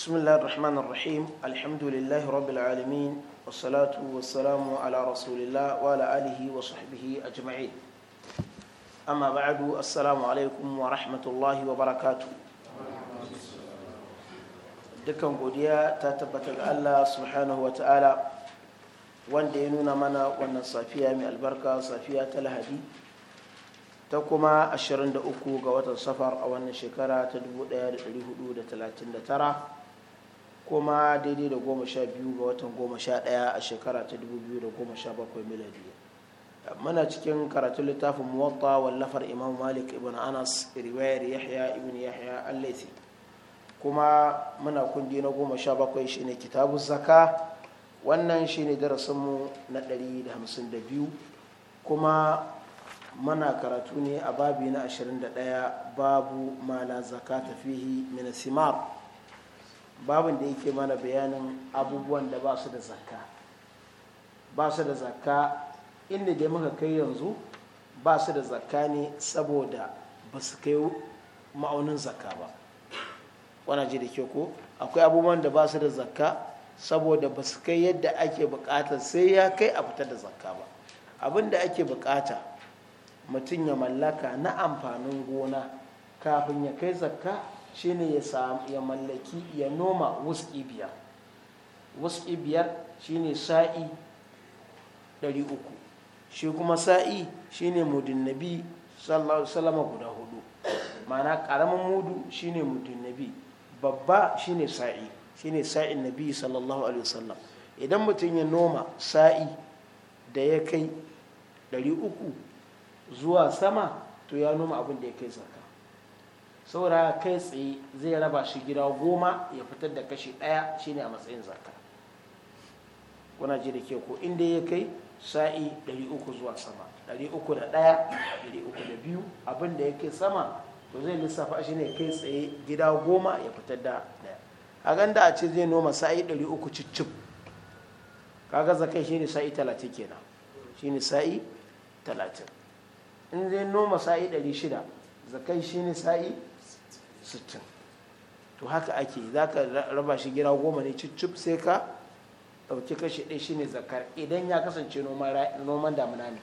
بسم الله الرحمن الرحيم الحمد لله رب العالمين والصلاة والسلام على رسول الله وعلى آله وصحبه أجمعين أما بعد السلام عليكم ورحمة الله وبركاته dukkan godiya ta tabbatar Allah subhanahu wa ta'ala wanda ya nuna mana wannan safiya mai albarka safiya ta lahadi ta kuma uku ga watan safar a wannan shekara ta tara. kuma daidai da goma sha biyu ga watan goma sha ɗaya a shekara ta dubu biyu da goma sha bakwai miladi muna cikin karatun littafin muwatta wallafar imam malik ibn anas riwayar yahya ibn yahya allaisi kuma muna kundi na goma sha bakwai shine kitabu zaka wannan shine darasinmu na ɗari da hamsin da biyu kuma muna karatu ne a babi na ashirin da ɗaya babu mala zaka tafihi simar babin da yake mana bayanin abubuwan da ba su da zakka ba su da zakka inda dai muka kai yanzu ba su da zakka ne saboda ba su kai ma'aunin zakka ba wana ji da ke ko akwai abubuwan da ba su da zakka saboda ba su kai yadda ake bukata sai ya kai a fitar da zakka ba abin da ake bukata mutum ya mallaka na amfanin gona kafin ya kai zakka shine ya ya mallaki ya noma wuski biyar wuski biyar shine sa'i 300 shi kuma sa'i shine mudin nabi sallallahu salama guda hudu Mana karamin mudu shine mudin nabi babba shine sa'i shine sa'in nabi sallallahu alaihi wasallam idan mutum ya noma sa'i da ya kai 300 zuwa sama to ya noma abin da ya kai zaka saura kai tsaye zai raba shi gida goma ya fitar da kashi ɗaya shine a matsayin zakka kuna ji da ke ko inda ya kai sa'i 300 zuwa sama 301 302 abin da ya kai sama to zai lissafa shi ne kai tsaye gida goma ya fitar da ɗaya a ganda a ce zai noma sa'i 300 cicci kaga zakai ne sa'i 30 kenan ne sa'i 30 in zai noma sa'i 600 zakai ne sa'i 60 to haka ake za ka raba shi gida goma ne cicip sai ka ɗauki kashi ɗaya shine zakar idan ya kasance noman damuna ne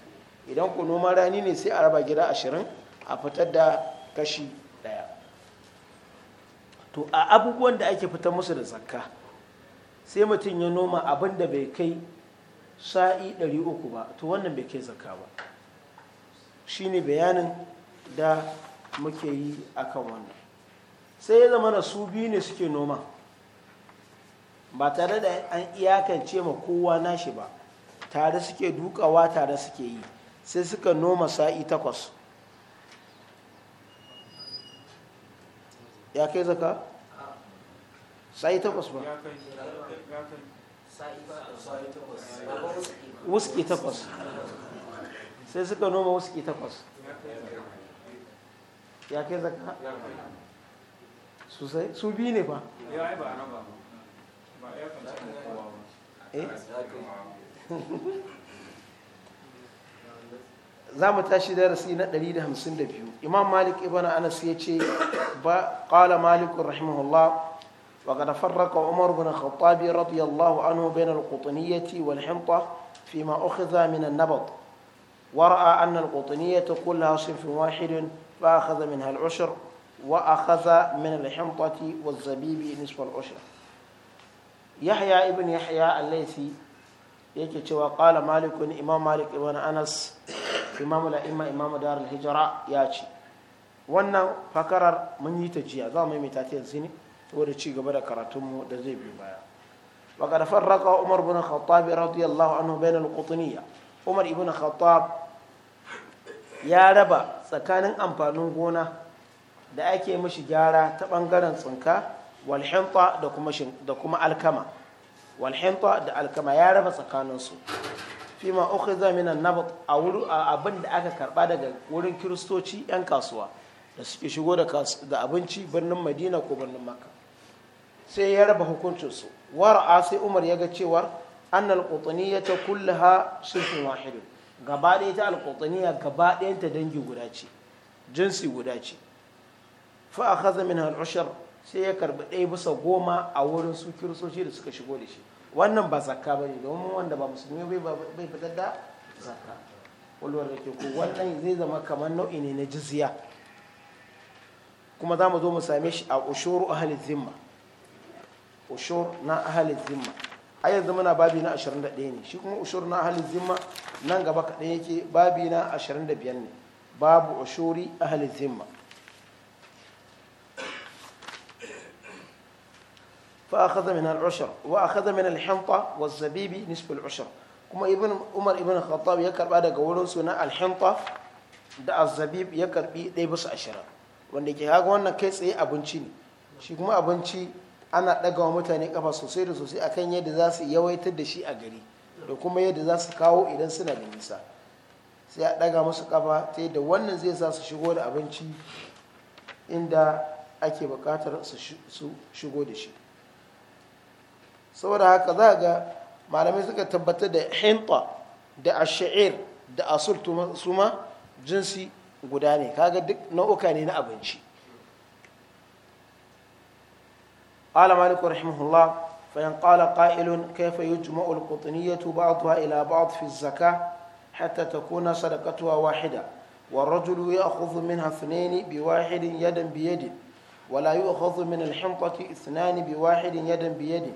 idan ku noman rani ne sai a raba gida ashirin a fitar da kashi ɗaya to a abubuwan da ake fitar musu da zakka sai mutum ya noma abin da bai kai sa'i ɗari uku ba to wannan bai kai zakka ba shine bayanin da muke yi akan wannan sai ya zama na su biyu ne suke noma ba tare da an iyakance ma kowa nashi ba tare suke dukawa tare suke yi sai suka noma sa'i takwas ya kai zaka? sa'i takwas ba wuski takwas sai suka noma wuski takwas ya kai zaka? su biyu ne ba eh? za mu tashi darasi na 152 imam malik ibn anas ya ce ba kala malikun rahimahullah wa ga farraka umar bin khattabi radiyallahu anhu bain al-qutniyyati wal himta fi ma ukhidha min an-nabat wa ra'a anna al-qutniyyata kullaha sinfun wahidun fa akhadha min al-ushr wa zabibi الحمطة والزبيب نصف yahya ibn yahya يحيى الليثي yake cewa ƙala malikun imam malik ibn anas imam la'imma imam dar hijra ya ce wannan fakarar mun yi ta jiya za mu yi ta yanzu ne saboda ci gaba da karatunmu da zai bi baya wa qad farraqa umar ibn khattab radiyallahu anhu bain al-qutniyya umar ibn khattab ya raba tsakanin amfanin gona da ake mishi gyara ta bangaren tsinka walhinta da kuma alkama walhinta da alkama ya raba tsakaninsu fi ma uku zamina na abin da aka karba daga wurin kiristoci 'yan kasuwa da suke shigo da abinci birnin madina ko birnin Maka. sai ya raba hukuncinsu wara'a sai umar ya ga cewar annal ya ta ha sulfin wahidun gaba ɗaya ta ya gaba ɗayanta dangi guda ce jinsi guda ce fa akhadha minha al-ushr sai ya karbi ɗaya bisa goma a wurin su kiristoci da suka shigo da shi wannan ba zakka ba ne domin wanda ba musulmi bai fitar da zakka walwar da ke ko wannan zai zama kamar nau'i ne na jizya kuma za mu zo mu same shi a ushuru ahalin zimma ushur na ahalin zimma a yanzu muna babi na 21 ne shi kuma ushur na ahalin zimma nan gaba kaɗai yake babi na 25 ne babu ushuri ahalin zimma فأخذ من العشر وأخذ من الحنطة والزبيب نصف العشر كما ابن عمر ابن الخطاب يكرب هذا قولون سنة الحنطة da azabib ya karbi ɗaya bisa ashirin wanda ke haga wannan kai tsaye abinci ne shi kuma abinci ana ɗaga mutane kafa sosai da sosai akan yadda za su yawaitar da shi a gari da kuma yadda za su kawo idan suna da nisa sai a ɗaga masu kafa ta da wannan zai sa su shigo da abinci inda ake buƙatar su shigo da shi saboda haka za ga malamai suka tabbatar da hinta da ashe'ir da asul suma jinsi guda ne kaga duk nau'uka ne na abinci alamalikun rahimahullah fayan kala ƙa'ilun kaifa yi juma'ul kutuniyatu ba a ila ba a tufi zaka hatta ta kuna sadakatuwa wahida والرجل يأخذ منها اثنين بواحد يدا بيد ولا يأخذ من الحنطة اثنان بواحد يدا بيد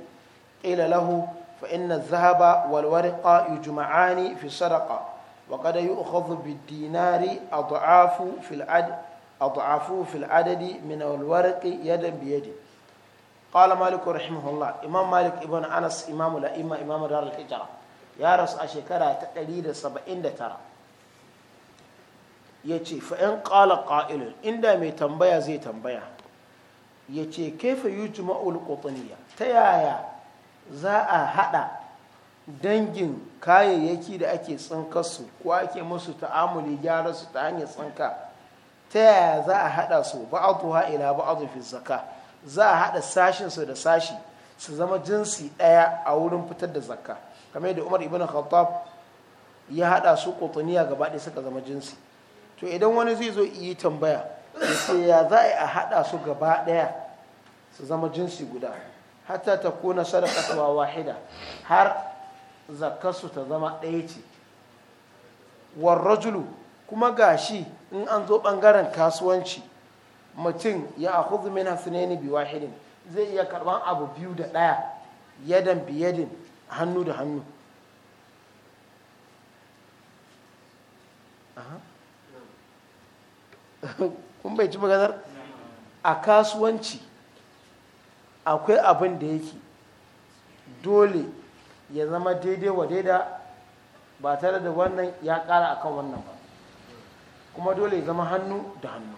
قيل له فإن الذهب والورق يجمعان في الصدقة وقد يؤخذ بالدينار أضعاف في العدد أضعاف في العدد من الورق يدا بيد قال مالك رحمه الله إمام مالك ابن أنس إمام الأئمة إمام دار الحجرة يا رس أشكرا تقليد سبعين ترى يتي فإن قال قائل إن دامي تنبيا زي تنبيا يتي كيف يجمع القطنية تيايا za a haɗa dangin kayayyaki da ake tsinkarsu ko ake musu ta'amuli gyara su ta hanyar tsinka ta yaya za a haɗa su ba'adduha ila a zufi zaka za a haɗa sashinsu da sashi su zama jinsi ɗaya a wurin fitar da zakka kamar yadda umar ibn khattab ya haɗa su kotuniya gaba ɗaya suka zama jinsi to idan wani zai zo yi tambaya ya ya za a haɗa su gaba ɗaya su zama jinsi guda hata ta kuna wa wahida har zakarsu ta zama ɗaya ce rajulu kuma gashi in an zo bangaren kasuwanci mutum ya akhudhu min hasnaini bi wahidin zai iya karban abu biyu da ɗaya yadan biyadin hannu da hannu kun bai ci maganar a kasuwanci akwai abin da yake dole ya zama daidai wa daida ba tare da wannan ya a akan wannan ba kuma dole ya zama hannu da hannu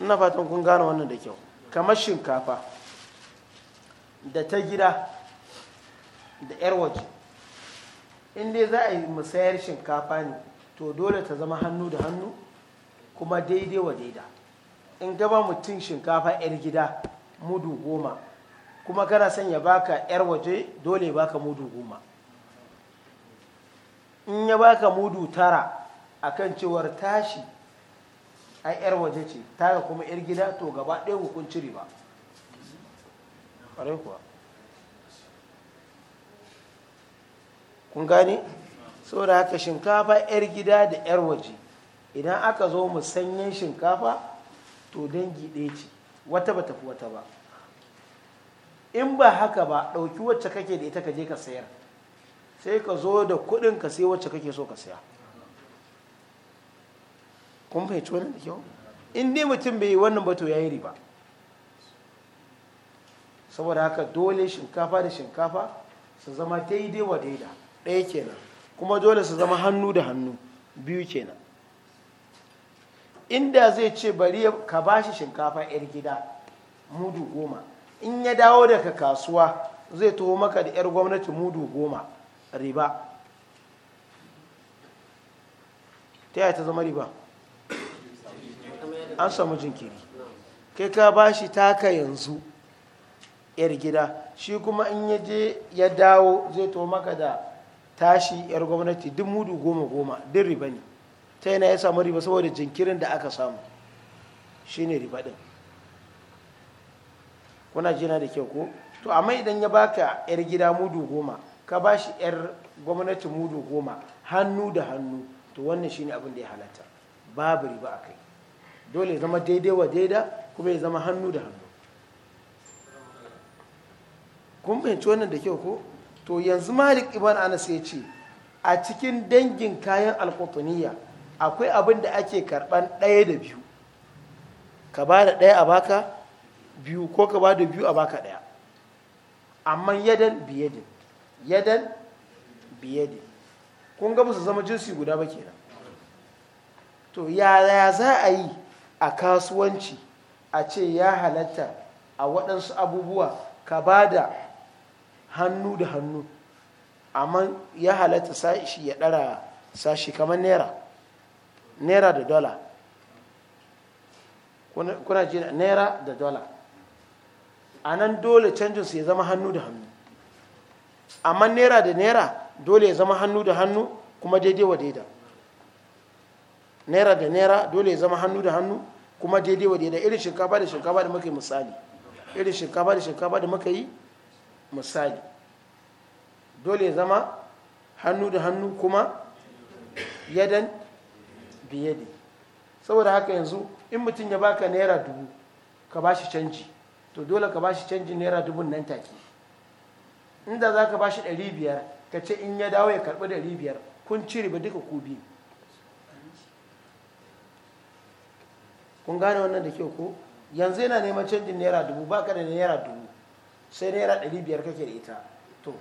ina fatan kun gane wannan da kyau kamar shinkafa da ta gida da 'yar waje in dai za a yi musayar shinkafa ne to dole ta zama hannu da hannu kuma daidai wa daida in gaba mutum shinkafa 'yar gida mudu goma kuma kana son ya baka 'yar waje dole baka mudu goma in ya baka mudu tara a kan cewar tashi a 'yar waje ce tara kuma 'yar gida to gaba ɗaya hukunci riba kuwa kun gane da haka shinkafa 'yar gida da 'yar waje idan aka zo musanyen shinkafa to dangi ɗaya ce wata ba tafi wata ba in ba haka ba ɗauki wacce kake da ita ka je ka sayar sai ka zo da kuɗin ka sai wacce kake so ka saya kun fahimci wannan da kyau in dai mutum bai yi wannan ba to ya yi riba saboda haka dole shinkafa da shinkafa su zama daidai wa daida ɗaya kenan kuma dole su zama hannu da hannu biyu kenan inda zai ce bari ka ba shi shinkafa 'yar gida mudu goma in ya dawo daga kasuwa zai taho maka da 'yar gwamnati mudu goma riba ta yaya ta zama riba an samu jinkiri kai ka ba shi taka yanzu 'yar gida shi kuma in ya je ya dawo zai taho maka da tashi 'yar gwamnati duk mudu goma goma duk riba ne ta yana ya samu riba saboda jinkirin da aka samu shine riba din kuna jina da kyau ko to amma idan ya baka yar gida mudu goma ka ba shi yar gwamnati mudu goma hannu da hannu to wannan shine abin da ya halatta babu riba a kai dole zama daidai wa daida kuma ya zama hannu da hannu kun fahimci wannan da kyau ko to yanzu malik ibn anas ya ce a cikin dangin kayan alkotuniya akwai abin da ake karban ɗaya da biyu ka ba da ɗaya a baka biyu ko ka ba da biyu a baka ɗaya amma yadan biyadin yadan biyadin kun gaba su zama jinsi guda ba kenan to yaya za a yi a kasuwanci a ce ya halatta a waɗansu abubuwa ka ba da hannu da hannu amma ya halatta shi ya ɗara sashi kamar naira naira da dola kuna ji naira da dola a nan dole canjin su ya zama hannu da hannu amma naira da naira dole ya zama hannu da hannu kuma daidai wa daida naira da naira dole ya zama hannu da hannu kuma daidai wa daida irin shinkafa da shinkafa da muka yi misali irin shinkafa da shinkafa da muka yi misali dole ya zama hannu da hannu kuma yadan biye ne saboda haka yanzu in mutum ya baka naira dubu ka bashi canji to dole ka bashi canji naira dubu nan take inda za ka bashi ɗari biyar ka ce in ya dawo ya karɓi ɗari biyar kun cire ba duka ku biyu kun gane wannan da kyau ko yanzu yana neman canjin naira dubu baka da naira dubu sai naira ɗari biyar kake da ita to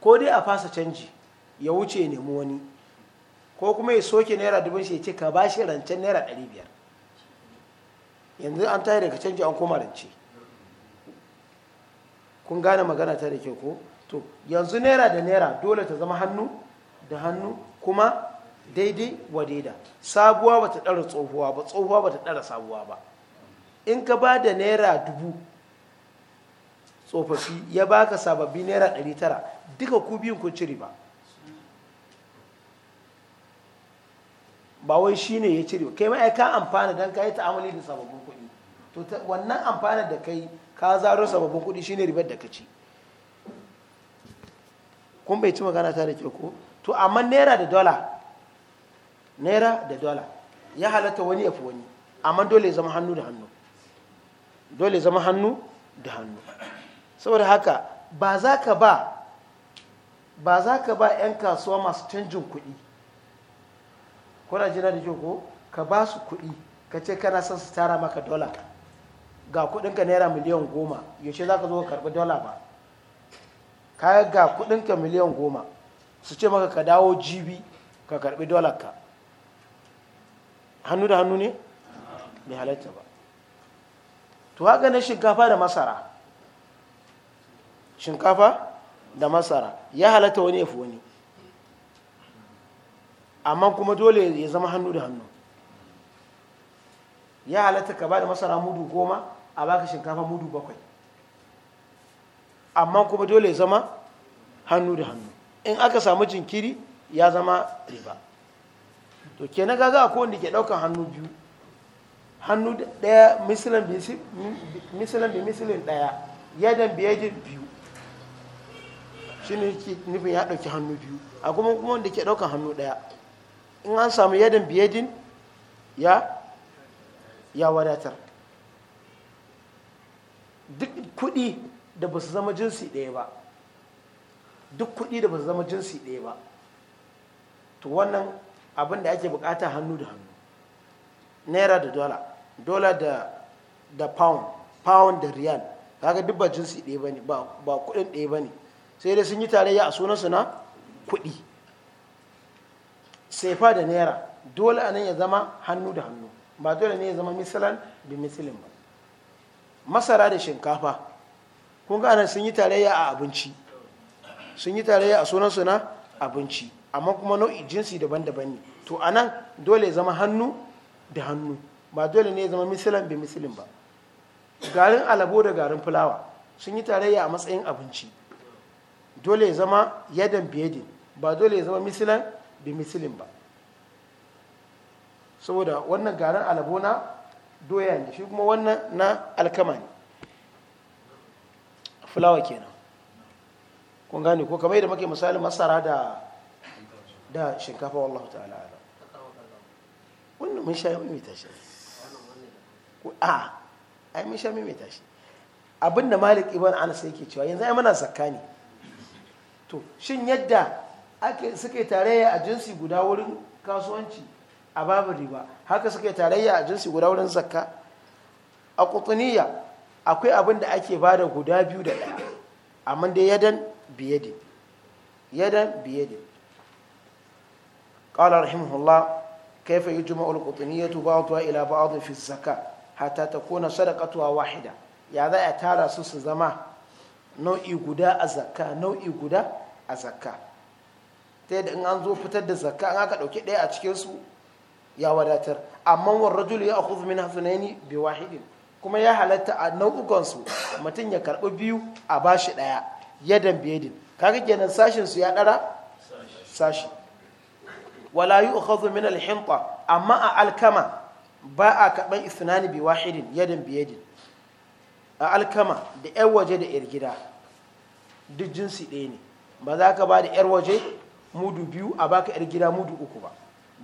ko dai a fasa canji ya wuce nemi wani ko kuma ya soke naira dubin shi ya ce ka ba shi rancen naira ɗari biyar yanzu an tayi ka canji an koma rance kun gane magana ta da kyau ko to yanzu naira da naira dole ta zama hannu da hannu kuma daidai wa daida sabuwa ba ta ɗara tsohuwa ba tsohuwa ba ta ɗara sabuwa ba in ka ba da naira dubu tsofaffi ya baka sababbi naira ɗari tara duka ku biyun kun ciri ba ba wai shi ne ya cire kai ma ka amfana don ka yi ta'amali da sababbin kuɗi to wannan amfana da kai ka zaro sababbin kuɗi ne ribar da ka ci kun bai ci magana ta da ke ko to amma naira da dola naira da dola ya halatta wani ya fi wani amma dole ya zama hannu da hannu dole zama hannu da hannu saboda haka ba za ka ba ba za ka ba 'yan kasuwa masu canjin kuɗi kuna jina da ko ka ba su kuɗi ka ce kana son su tara maka dola ga kuɗinka naira miliyan goma yaushe za ka zo ka karɓi dola ba ka ga kuɗinka miliyan goma su ce maka ka dawo jibi ka karɓi dolar ka hannu da hannu ne mai halatta ba to haka na shinkafa da masara shinkafa da masara ya halatta wani ya fi wani amma kuma dole ya zama hannu da hannu ya halatta ka ba da masara mudu goma a baka shinkafa mudu bakwai amma kuma dole ya zama hannu da hannu in aka samu jinkiri ya zama riba to ke na gaza ko wanda ke daukan hannu biyu hannu daya misilin bi misilin daya yadan biyajin biyu shi ne nufin ya dauki hannu biyu a kuma kuma wanda ke daukan hannu daya in an samu yadin biyadin ya ya wadatar duk kuɗi da ba su zama jinsi ɗaya ba duk kuɗi da ba su zama jinsi ɗaya ba to wannan abin da ake bukata hannu da hannu naira da dola dola da da pound pound da riyal kaga duk ba jinsi ɗaya ba ne ba kuɗin ɗaya ba ne sai dai sun yi tarayya a sunansu na kuɗi sefa da naira dole anan ya zama hannu da hannu ba dole ne ya zama misalan bi misalin ba masara da shinkafa kun ga sun yi tarayya a abinci sun yi tarayya a sunan suna abinci amma kuma nau'i jinsi daban-daban ne to anan dole ya zama hannu da hannu ba dole ne ya zama misalan bi misalin ba garin alabo da garin fulawa sun yi tarayya a matsayin abinci dole ya zama yadan biyadin ba dole ya zama misalan bi misilin ba saboda wannan garin alabo na doya ne shi kuma wannan na alkama ne fulawa kenan kun gane ko kamar yadda muke misali masara da da shinkafa wallah ta'ala ala wannan mun sha mimita shi a ai mun sha mai shi abinda malik ibn anas yake cewa yanzu ai muna zakka ne to shin yadda suka yi tarayya a jinsi guda wurin kasuwanci a babu riba haka suka yi tarayya a jinsi guda wurin zakka a kutuniya akwai abin da ake ba da guda biyu da ɗaya amma dai yadan biye yadan biye ne ƙalar himhulla kai fa yi juma ulkutuniya tu ba tuwa ila ba adu fi zakka hata ta kona sadakatuwa wahida ya za a tara su su zama nau'i guda a zakka nau'i guda a zakka ta da in an zo fitar da zakka an aka ɗauki ɗaya a cikinsu ya wadatar amma wa rajul ya akhudhu min hasunaini bi wahidin kuma ya halatta a nau'ukan su mutum ya karbi biyu a bashi ɗaya yadan biyadin kaga kenan sashin su ya ɗara sashi wala yu'khadhu min al amma a alkama ba a karɓan isnani bi wahidin yadan biyadin a alkama da yan waje da yar gida duk jinsi ɗaya ne ba za ka ba da yar waje mudu biyu a baka yar gida mudu uku ba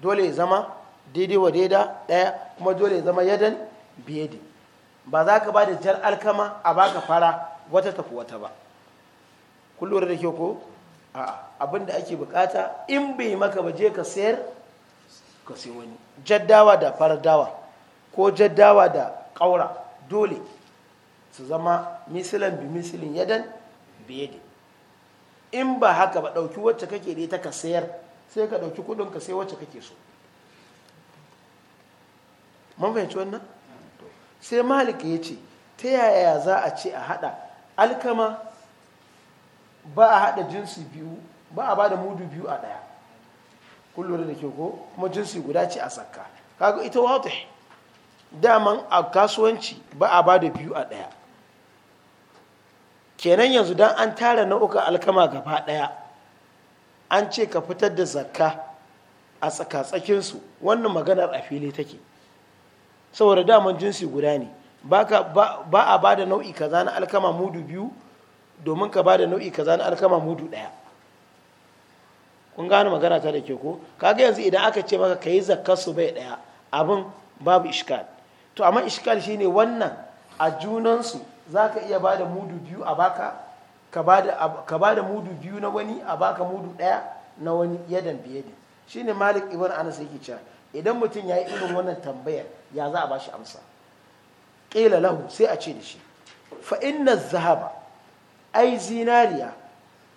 dole ya zama daidai wa daida ɗaya kuma dole ya zama yadan biyadi ba za ka ba da jar alkama a baka fara wata tafi wata ba kun lura da ke ko abin da ake bukata in bai maka ba je ka sayar ka sai wani jaddawa da farar dawa ko jaddawa da ƙaura dole su zama misilin bi misilin yadan biyadi in ba haka ba ɗauki wacce kake da ita ka sayar sai ka ɗauki kuɗin ka sai wacce kake so mun fahimci wannan sai malik ya ce ta yaya za a ce a haɗa alkama ba a haɗa jinsi biyu ba a ba mudu biyu a ɗaya kullum da ke ko kuma jinsi guda ce a sakka kaga ita wata daman a kasuwanci ba a ba biyu a ɗaya kenan yanzu don an tara nau'uka alkama gaba ɗaya an ce ka fitar da zakka a tsakatsakinsu wannan maganar a fili take saboda daman jinsi guda ne ba a ba da nau'i kaza na alkama mudu biyu domin ka ba da nau'i kaza na alkama mudu ɗaya kun gane magana ta da ke ko kaga yanzu idan aka ce maka ka yi zakkar su bai ɗaya abin babu ishkal to amma ishkal shine wannan a junansu za ka iya ba da mudu biyu a baka ka ba da mudu biyu na wani a baka mudu ɗaya na wani yadan Shi ne malik ibn anas yake cewa idan mutum ya yi irin wannan tambayar ya za a ba shi amsa ƙila lahu sai a ce da shi fa'in zahaba ai zinariya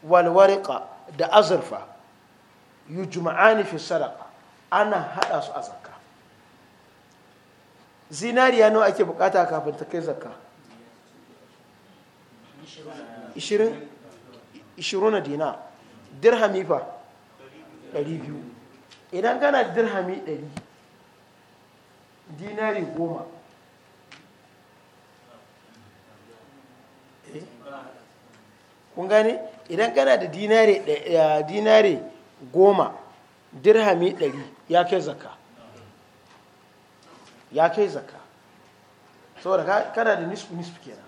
walwarika da azurfa yujma'ani fi sadaqa ana hada su a zakka zinariya nawa ake bukata kafin ta kai zakka 20 na dina dirhami fa 200 idan kana dirhami 100 dinari goma eh? kun gane idan kana da dinari goma dirhami 100 ya kai zaka ya kai zaka saboda kana da nisfi nisfi kenan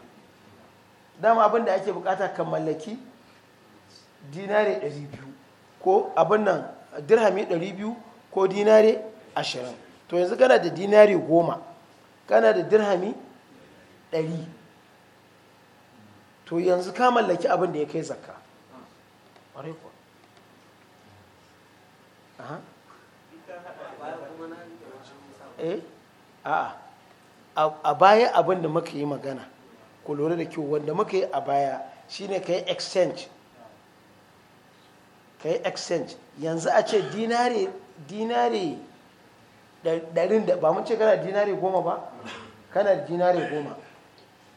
dama abin da ake bukata kan mallaki dinare 200 ko abin nan dirhami 200 ko dinare 20 to yanzu kana da dinare 10 kana da dirhami 100 to yanzu ka mallaki abin da ya kai zakka eh, a baya abin da muka yi magana ku lura da kyau wanda muka yi a baya shine ka yi exchange ka yi exchange yanzu a ce dinari dinari ɗarin da ba mun ce kana dinari goma ba kana dinari goma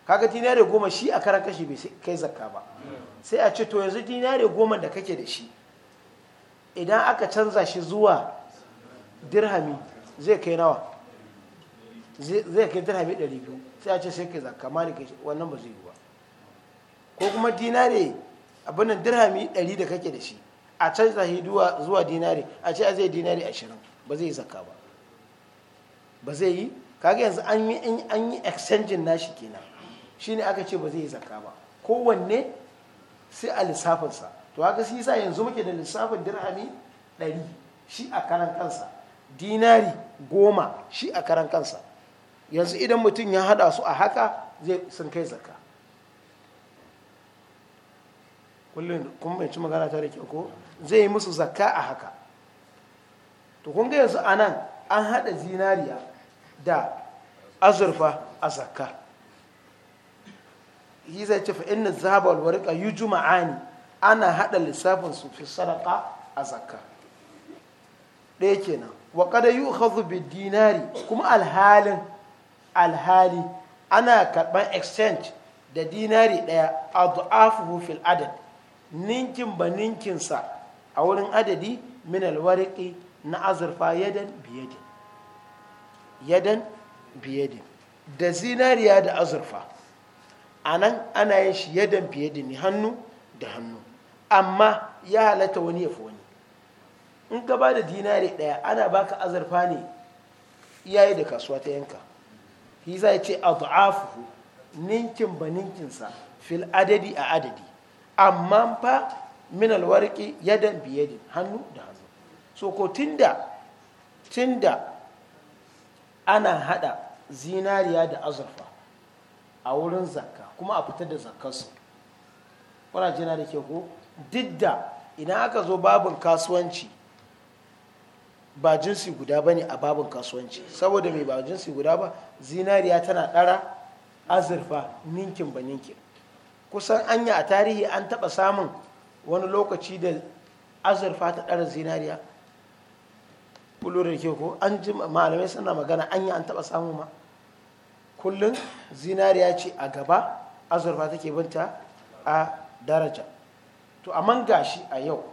kaga dinari goma shi a karan kashi bai kai zakka ba sai a ce to yanzu dinari goma da kake da shi idan aka canza shi zuwa dirhami zai kai nawa zai kai dirhami 200 sai a ce sai kai zakka maliki wannan ba zai yi ba ko kuma dinare abin nan dirhami 100 da kake da shi a canza shi zuwa dinare a ce a zai dinare 20 ba zai yi zakka ba ba zai yi kaga yanzu an yi an yi exchange nashi kenan shine aka ce ba zai yi zakka ba kowanne sai a lissafinsa to haka sai sa yanzu muke da lissafin dirhami 100 shi a karan kansa dinari 10 shi a karan kansa yanzu idan mutum ya hada su a haka zai sun kai zakka kullum kuma bai ci magana ta da ko zai yi musu zakka a haka to kun ga yanzu nan an hada zinariya da azurfa a zakka yi zai ce fa'in na zaɓar warƙa yi juma'ani ana hada lissafin su fi sadaka a zakka ɗaya kenan wa kada yi ukhadhu dinari kuma alhalin alhali ana karban exchange da dinari ɗaya a du'afuhu fil adad ninkin ba ninkinsa a wurin adadi min alwariki na azurfa yadan biyadin yadan biyadin da zinariya da azurfa a nan ana yin shi yadan biyadin ne hannu da hannu amma ya halatta wani ya fi wani in ka ba da dinari ɗaya ana baka azurfa ne yayi da kasuwa ta yanka shi za ya ce ad'afuhu ninkin ba ninkinsa fil adadi a adadi amma fa min alwarqi yadan bi yadin hannu da hannu so ko tunda tunda ana hada zinariya da azurfa a wurin zakka kuma a fitar da zakkarsu kuna jina da ke ko didda ina aka zo babin kasuwanci ba jinsi guda ba ne a babin kasuwanci saboda mai ba jinsi guda ba zinariya tana ɗara azurfa ninkin ba ninkin kusan anya a tarihi an taɓa samun wani lokaci da azurfa ta ɗara zinariya da ke ko an ji malamai suna magana anya an taɓa samun ma kullum zinariya ce a gaba azurfa take binta a daraja to amma gashi a yau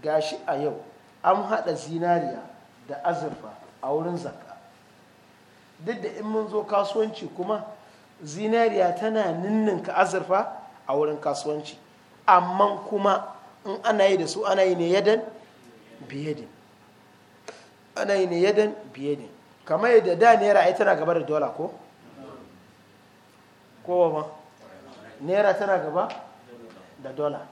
gashi a yau an haɗa zinariya da azurfa a wurin zakka duk da in mun zo kasuwanci kuma zinariya tana ninninka azurfa a wurin kasuwanci amma kuma in ana yi da su ana yi ne yadan biyadin ana yi ne yadan biyadin kamar yadda da naira ai tana gaba da dola ko kowa ba naira tana gaba da dola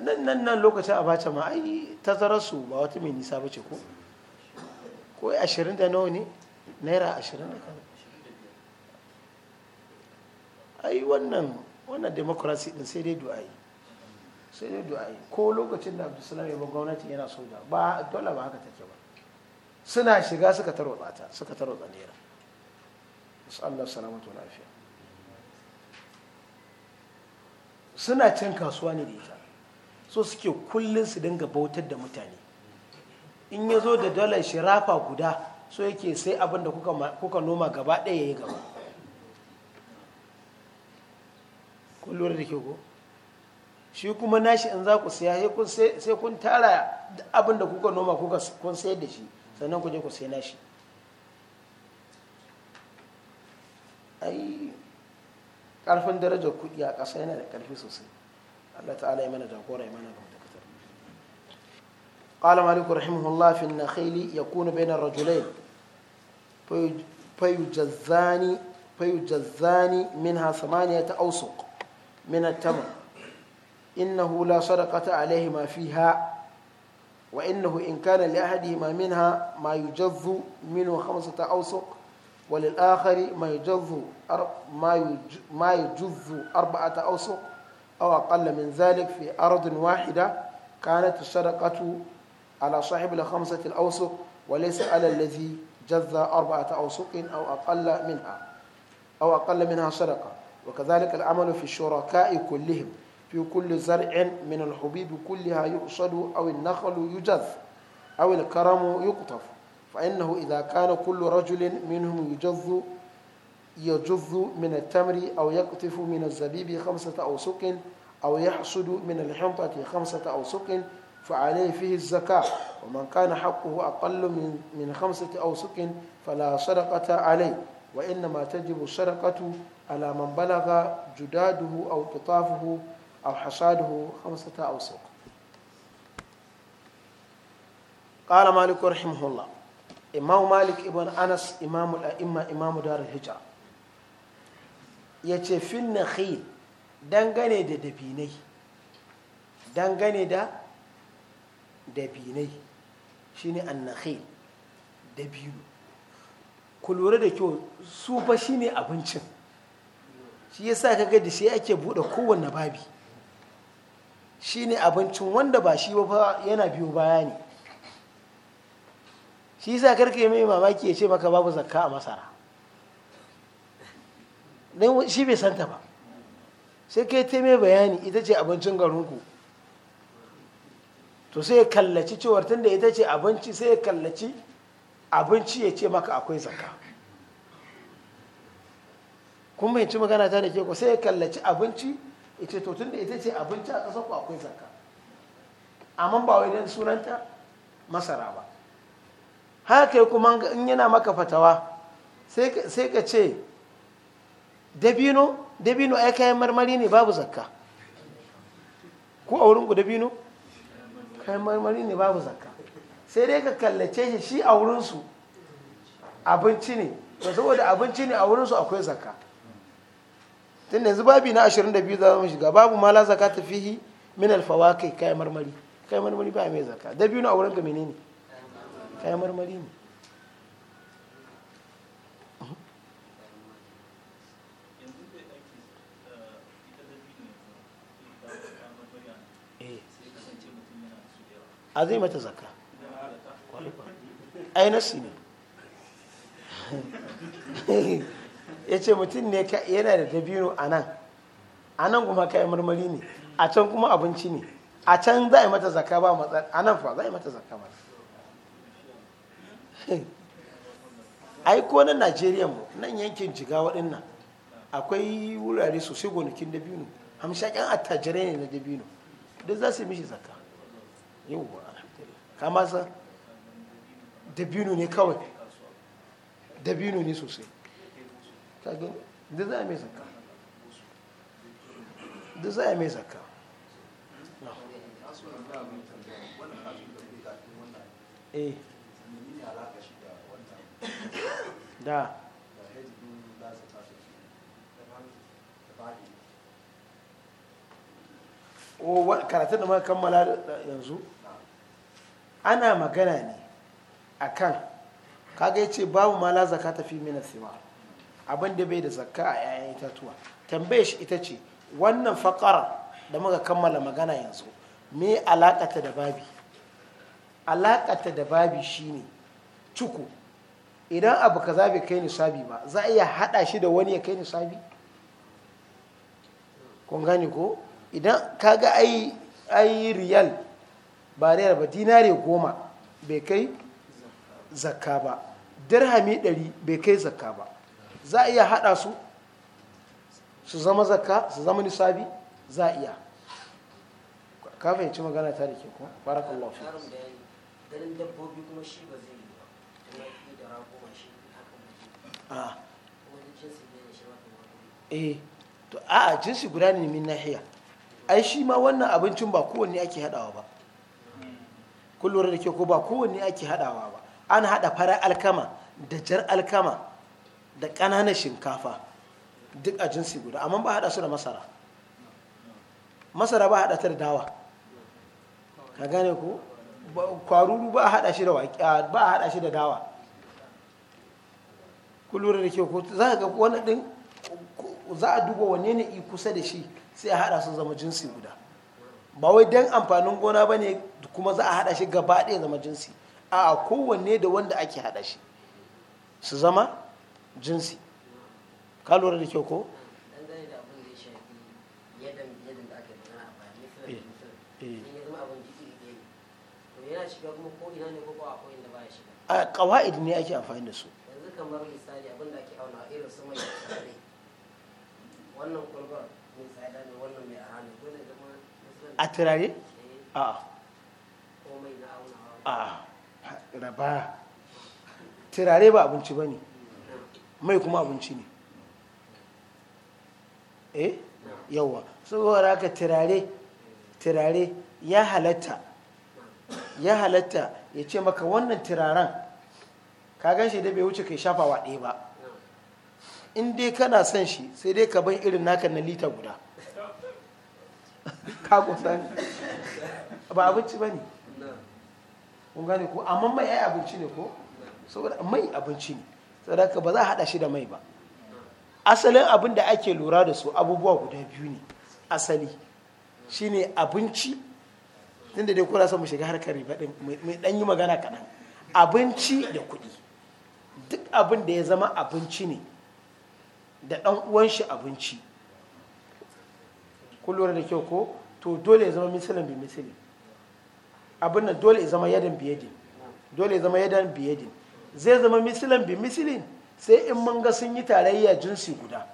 nan nan nan lokacin abacha ma ai tazararsu ba wata mai nisa ba ce ko ko ashirin da nawa ne naira ashirin da kan ai wannan wannan democracy din sai dai du'ai sai dai du'ai ko lokacin da abdulsalam ya ba gwamnati yana soja ba dole ba haka take ba suna shiga suka tarwa tsata, suka tarwatsa tsanera Allah salamatu lafiya suna cin kasuwa ne da ita so suke kullum su dinga bautar da mutane in ya zo da dalar shirafa guda so yake sai abin da kuka noma gaba ɗaya ya yi gaba kullum da ke go shi kuma nashi in za ku siya sai kun tara abin da kuka noma kun sayar da shi sannan ku je ku sai nashi ai ƙarfin darajar kuɗi a ƙasa yana da ƙarfi sosai الله تعالى يمنى جاكورا يمنى قال مالك رحمه الله في النخيل يكون بين الرجلين فيجزاني فيجزاني منها ثمانية أوسق من التمر إنه لا صدقة عليه ما فيها وإنه إن كان لأحدهما منها ما يجز منه خمسة أوسق وللآخر ما يجز ما يجز أربعة أوسق أو أقل من ذلك في أرض واحدة كانت الصدقة على صاحب الخمسة الأوسق وليس على الذي جذ أربعة أوسق أو أقل منها أو أقل منها صدقة وكذلك العمل في الشركاء كلهم في كل زرع من الحبيب كلها يؤصد أو النخل يجذ أو الكرم يقطف فإنه إذا كان كل رجل منهم يجذ يجذ من التمر أو يقطف من الزبيب خمسة أوسق أو يحصد من الحنطة خمسة أوسق فعليه فيه الزكاة ومن كان حقه أقل من من خمسة أوسق فلا صدقة عليه وإنما تجب الصدقة على من بلغ جداده أو قطافه أو حصاده خمسة أوسق قال مالك رحمه الله إمام مالك ابن أنس إمام الأئمة إمام دار الهجرة ya ce fin nakhil dangane da dabinai dangane da dabinai shine annakhil dabino ku lura da kyau su shi shine abincin shi ya sa kaga da shi ake bude kowanne babi shine abincin wanda ba shi ba yana biyo baya ne shi ya sa karka yi mai mamaki ya ce maka babu zakka a masara don shi bai santa ba sai kai ta mai bayani ita ce abincin garinku to sai ya kallaci cewar tunda ita ce abinci sai ya kallaci abinci ya ce maka akwai zaka kun bayanci magana ta da ke ku sai ya kallaci abinci ya ce to da ita ce abinci a ƙasar ku akwai zaka amma ba wai don sunanta masara ba haka kuma in yana maka fatawa sai ka ce dabino dabino ai kayan marmari ne babu zakka ko a wurin ku dabino kayan marmari ne babu zakka sai dai ka kallace shi shi a wurinsu abinci ne ba saboda abinci ne a wurinsu akwai zakka tun yanzu babi na 22 za mu shiga babu ma la zakka ta fihi min kai kayan marmari kayan marmari ba mai zakka dabino a wurinka menene kayan marmari ne a zai mata zakka ai nasu ne ya ce mutum ne yana da dabino a nan a nan kuma kayan marmari ne a can kuma abinci ne a can za a yi mata zakka ba matsala a nan fa za a yi mata zakka ba ai ko na najeriya mu nan yankin Jiga waɗannan akwai wurare sosai gonakin dabino hamshakin attajirai ne na dabino duk za su yi mishi zakka yauwa kama sa dabino ne kawai dabino ne sosai da za a mai zakka eh. da za oh, karatun da muka kammala yanzu ana magana ne a kan kaga ce babu ma la zaka tafi mina siwa abin bai da zakka a 'ya'yan itatuwa tambaye shi ita ce wannan faƙara da muka kammala magana yanzu me alaƙata da babi alaƙata da babi shine cuku idan abu ka bai kai nisabi ba za a iya haɗa shi da wani ya kai nisabi kun gane ko idan kaga ai ai riyal ba riyar ba dinare goma bai kai zakka ba dirhami ɗari bai kai zakka ba za a iya haɗa su su zama zakka su zama nisabi za a iya ka fahimci magana ta da ke kuma barakallahu fi garin dabbobi yi shi eh. to jinsi guda ne min nahiya ai shi ma wannan abincin ba kowanne ake hadawa ba kullum da ke ko ba kowanne ake haɗawa ba an haɗa farar alkama da jar alkama da ƙananan shinkafa duk a jinsi guda amma ba haɗa su da masara masara ba haɗa ta da dawa ka gane ko kwaruru ba haɗa shi da waƙiya ba haɗa shi da dawa kullum da ke ko za ka ga wani ɗin za a duba wanne ne i kusa da shi sai a haɗa su zama jinsi guda ba wai dan amfanin gona ba ne kuma za a hada shi gaba ɗaya zama jinsi a kowanne da wanda ake hada shi su zama jinsi ka lura da kyau ko a ƙawa'id ne ake amfani da su yanzu kamar misali abin ake auna irin su mai wannan kulbar mai tsada ne wannan mai a turare a a raba turare ba abinci ba ne mai kuma abinci ne eh yawa saboda haka turare turare ya halatta ya halatta ya ce maka wannan turaren ka gan shi da bai wuce kai shafawa ɗaya ba in dai kana son shi sai dai ka ban irin naka na lita guda ka kosa ba abinci ba ne kun gane ko amma mai ai abinci ne ko saboda mai abinci ne saboda ba za a hada shi da mai ba asalin abin da ake lura da su abubuwa guda biyu ne asali Shi ne abinci da dai kura son mu shiga harkar riba din mai dan yi magana kaɗan abinci da kuɗi duk abin da ya zama abinci ne da ɗan uwan shi abinci kun lura da kyau ko to dole ya zama misalin bi misali abin nan dole ya zama yadan biyadin dole ya zama yadan biyadin zai zama misalin bi misali sai in mun ga sun yi tarayya jinsi guda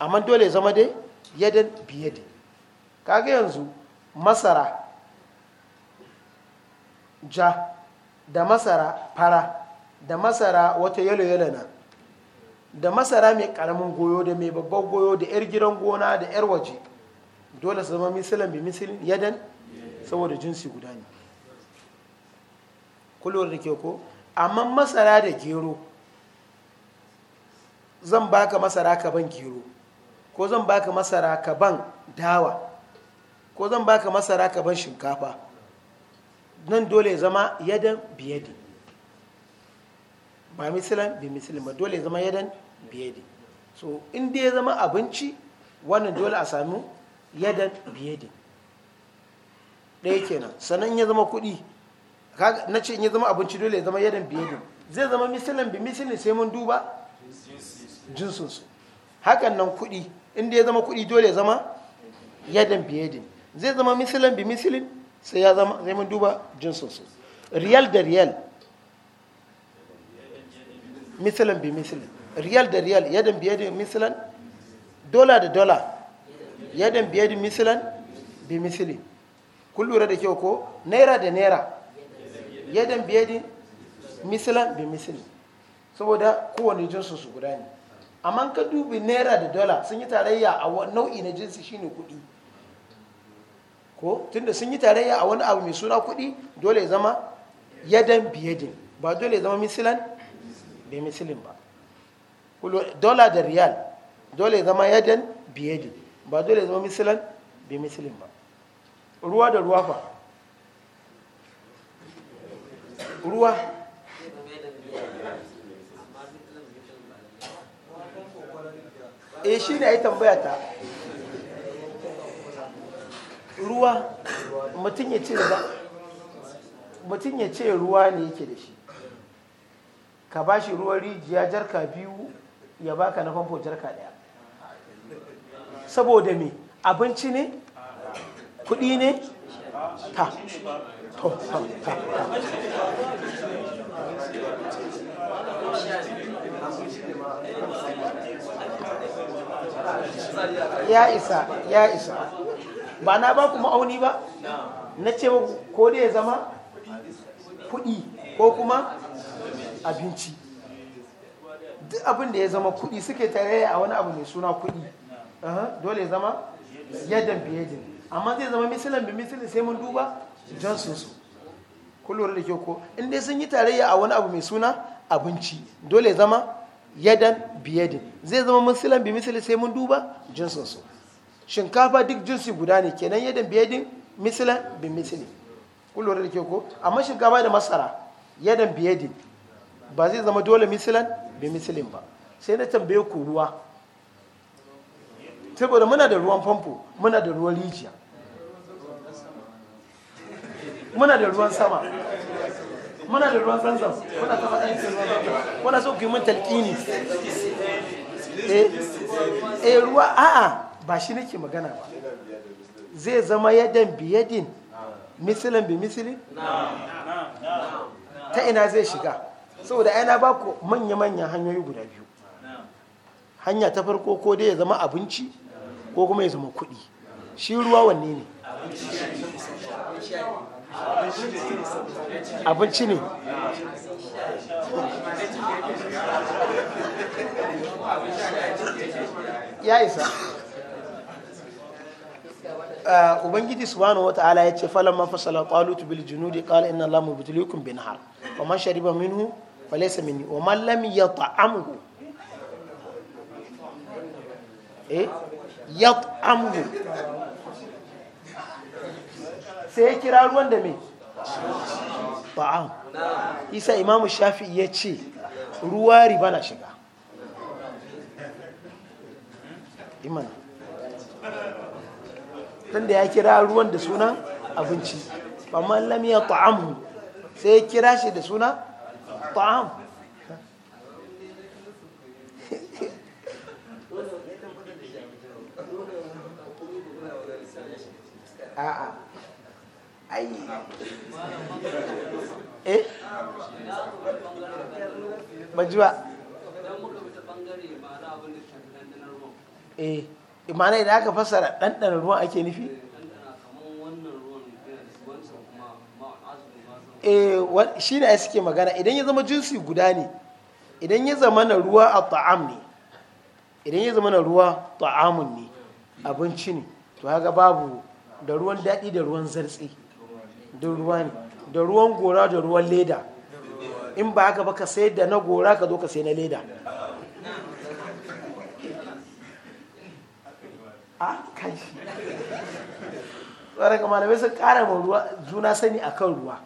amma dole ya zama dai yadan biyadin kaga yanzu masara ja da masara fara da masara wata yalo yalo na da masara mai karamin goyo da mai babban goyo da 'yar gidan gona da 'yar waje dole su zama misilin bi misilin yadan saboda jinsi guda ne kullum da ke ko amma masara da gero zan baka masara ka ban gero ko zan baka masara ka ban dawa ko zan baka masara ka ban shinkafa nan dole zama yadan biyadi ba misilin bi misilin ba dole zama yadan biyadi so inda ya zama abinci wannan dole a sami yadan biyadi ɗaya kenan sannan ya zama kuɗi na ce in ya zama abinci dole ya zama yadan biyadi zai zama misilin bi misilin sai mun duba jinsunsu hakan nan kuɗi inda ya zama kuɗi dole ya zama yadan biyadin zai zama misilin bi misilin sai ya zama zai mun duba jinsunsu riyal da riyal misilin bi misilin riyal da riyal yadan biyadin misilan dola da dola yadan biyadin misilan bi misili kun lura da kyau ko naira da naira yadan biyadin misilan bi misili saboda kowane jinsu su guda ne amma ka dubi naira da dola sun yi tarayya a nau'i na jinsi shine kuɗi ko tunda sun yi tarayya a wani abu mai suna kuɗi dole ya zama yadan biyadin ba dole ya zama misilan bi misilin ba dola da riyal dole zama yadan biyadi ba dole zama misilan bi misilin ba ruwa da ruwa fa ruwa e eh, shi ne ai tambaya ta ruwa mutum ya ce da mutum ya ce ruwa ne yake da shi ka ba shi ruwan rijiya jarka biyu ya baka na famfo jarka ɗaya saboda me abinci ne kudi ne ta to ta ta ya isa ya isa ba na ba ku ma'auni ba na ce ko da ya zama kudi ko kuma abinci duk abin da ya zama kuɗi suke tarayya a wani abu mai suna kuɗi dole ya zama yadan biyadin amma zai zama misilin bi misilin sai mun duba jansu su kullum da ke ko in sun yi tarayya a wani abu mai suna abinci dole ya zama yadan biyadin zai zama misilin bi misilin sai mun duba jansu su shinkafa duk jinsi guda ne kenan yadan biyadin misilin bi misilin kullum da ke ko amma shinkafa da masara yadan biyadin ba zai zama dole misilin bi misilin ba sai na tambaye ku ruwa saboda muna da ruwan famfo muna da ruwan rijiya muna da ruwan sama muna da ruwan zanzan muna ta faɗa yake ruwan zanzan muna so ki mun talƙini eh, eh ruwa a'a ba shi nake magana ba zai zama yadan biyadin misilin bi misilin ta ina zai shiga saboda ana ba ku manya-manya hanyoyi guda biyu hanya ta farko ko dai ya zama abinci ko kuma ya zama kuɗi shi ruwa wanne ne abinci ne ya isa ah, ubangiji subhanahu wata'ala ya ce falon mafasala talut bil junudi qala inna lamu mubtiliikum bin har wa man shariba minhu falaisa mini o man ya ta'amhu eh ta'amhu sai kira ruwan da me ba'am isa imam shafi ya ce ruwa riba na shiga imana tunda ya kira ruwan da suna abinci amma ya yat'amhu sai ya kira shi da suna ta'am a'a ai eh? Eh, fassara ɗanɗanar ruwa ake nufi Eh, shi da ya suke magana idan ya zama jinsi guda ne idan ya zama na ruwa a ta'am ne idan ya zama na ruwa ta'amun ne abinci ne to haka babu da ruwan daɗi da ruwan zartsi da ruwa ne da ruwan gora da ruwan leda in ba haka ba ka sayar da na gora ka zo ka sai na leda a kai tsara ga bai sun ƙara juna sani a kan ruwa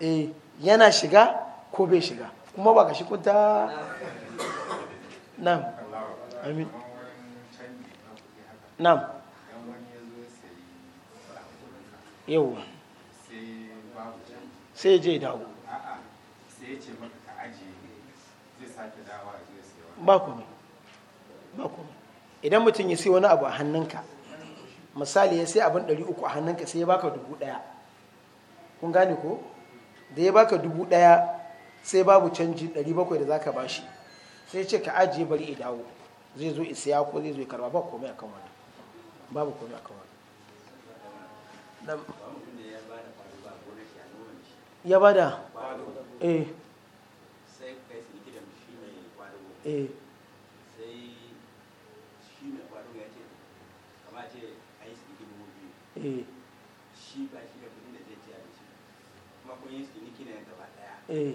eh yana shiga ko bai shiga kuma ba ka shi kuta nam amin nam yau sai je dawo ba kome ba kome idan mutum ya sai wani abu a hannunka misali ya sai abin 300 a hannunka sai ya baka dubu daya kun gane ko da ya baka dubu ɗaya sai babu canji 700 da za ka bashi sai ce ka ajiye bari ya dawo zai zo isiya ko zai zo ya karba ba komai akan wani babu komai akan wani ya bada eh sai eh a yi eh Eh.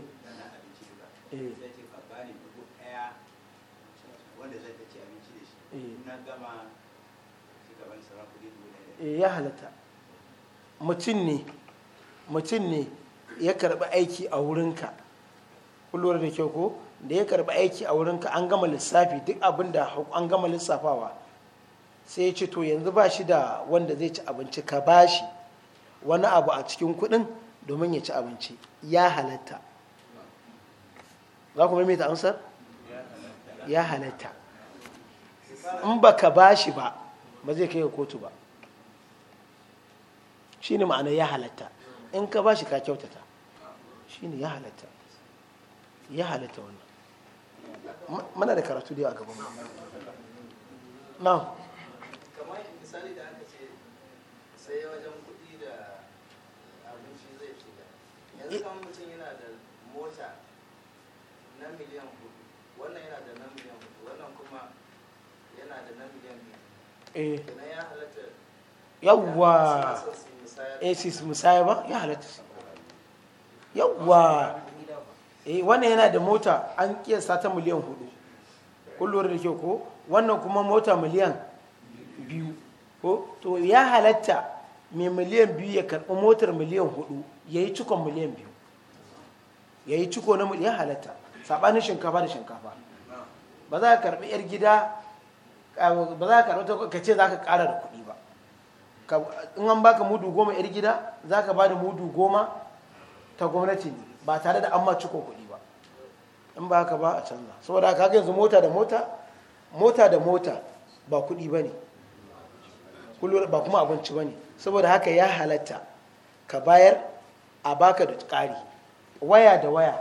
Eh, ya halatta mutum ne ya karɓi aiki a wurinka kullum da kyau ko da ya karɓi aiki a wurinka an gama lissafi duk abin da an gama lissafawa sai ya ce to yanzu ba shi da wanda zai ci abinci ka ba shi wani abu a cikin kuɗin domin ya ci abinci ya halatta za ku ta amsar ya halatta in ba ka ba shi ba ba zai kai ga kotu ba shi ne ma'ana ya halatta in ka ba shi ka kyautata shi ne ya halatta ya halatta wannan mana da karatu da a gaban ba na kamar misali da aka ce sai wajen yanzu kamar mutum yana da mota na wannan yana da eh. ya halatta yawwa eh, yawwa eh wannan yana da mota an kiyasta ta miliyan hudu kullum da ke ko wannan kuma mota miliyan biyu ko to ya halatta mai miliyan biyu ya karɓi motar miliyan hudu ya yi cikon miliyan biyu ya yi ciko na miliyan halatta saɓanin shinkafa da shinkafa ba za ka karɓi 'yar gida ba za ka karɓi ka ce za ka ƙara da kuɗi ba in an baka mudu goma 'yar gida za ka ba da mudu goma ta gwamnati ne ba tare da an ma ciko kuɗi ba in ba ka ba a canza saboda ka yanzu mota da mota mota da mota ba kuɗi ba ne ba kuma abinci ba ne saboda haka ya halatta ka bayar a baka da ƙari waya da waya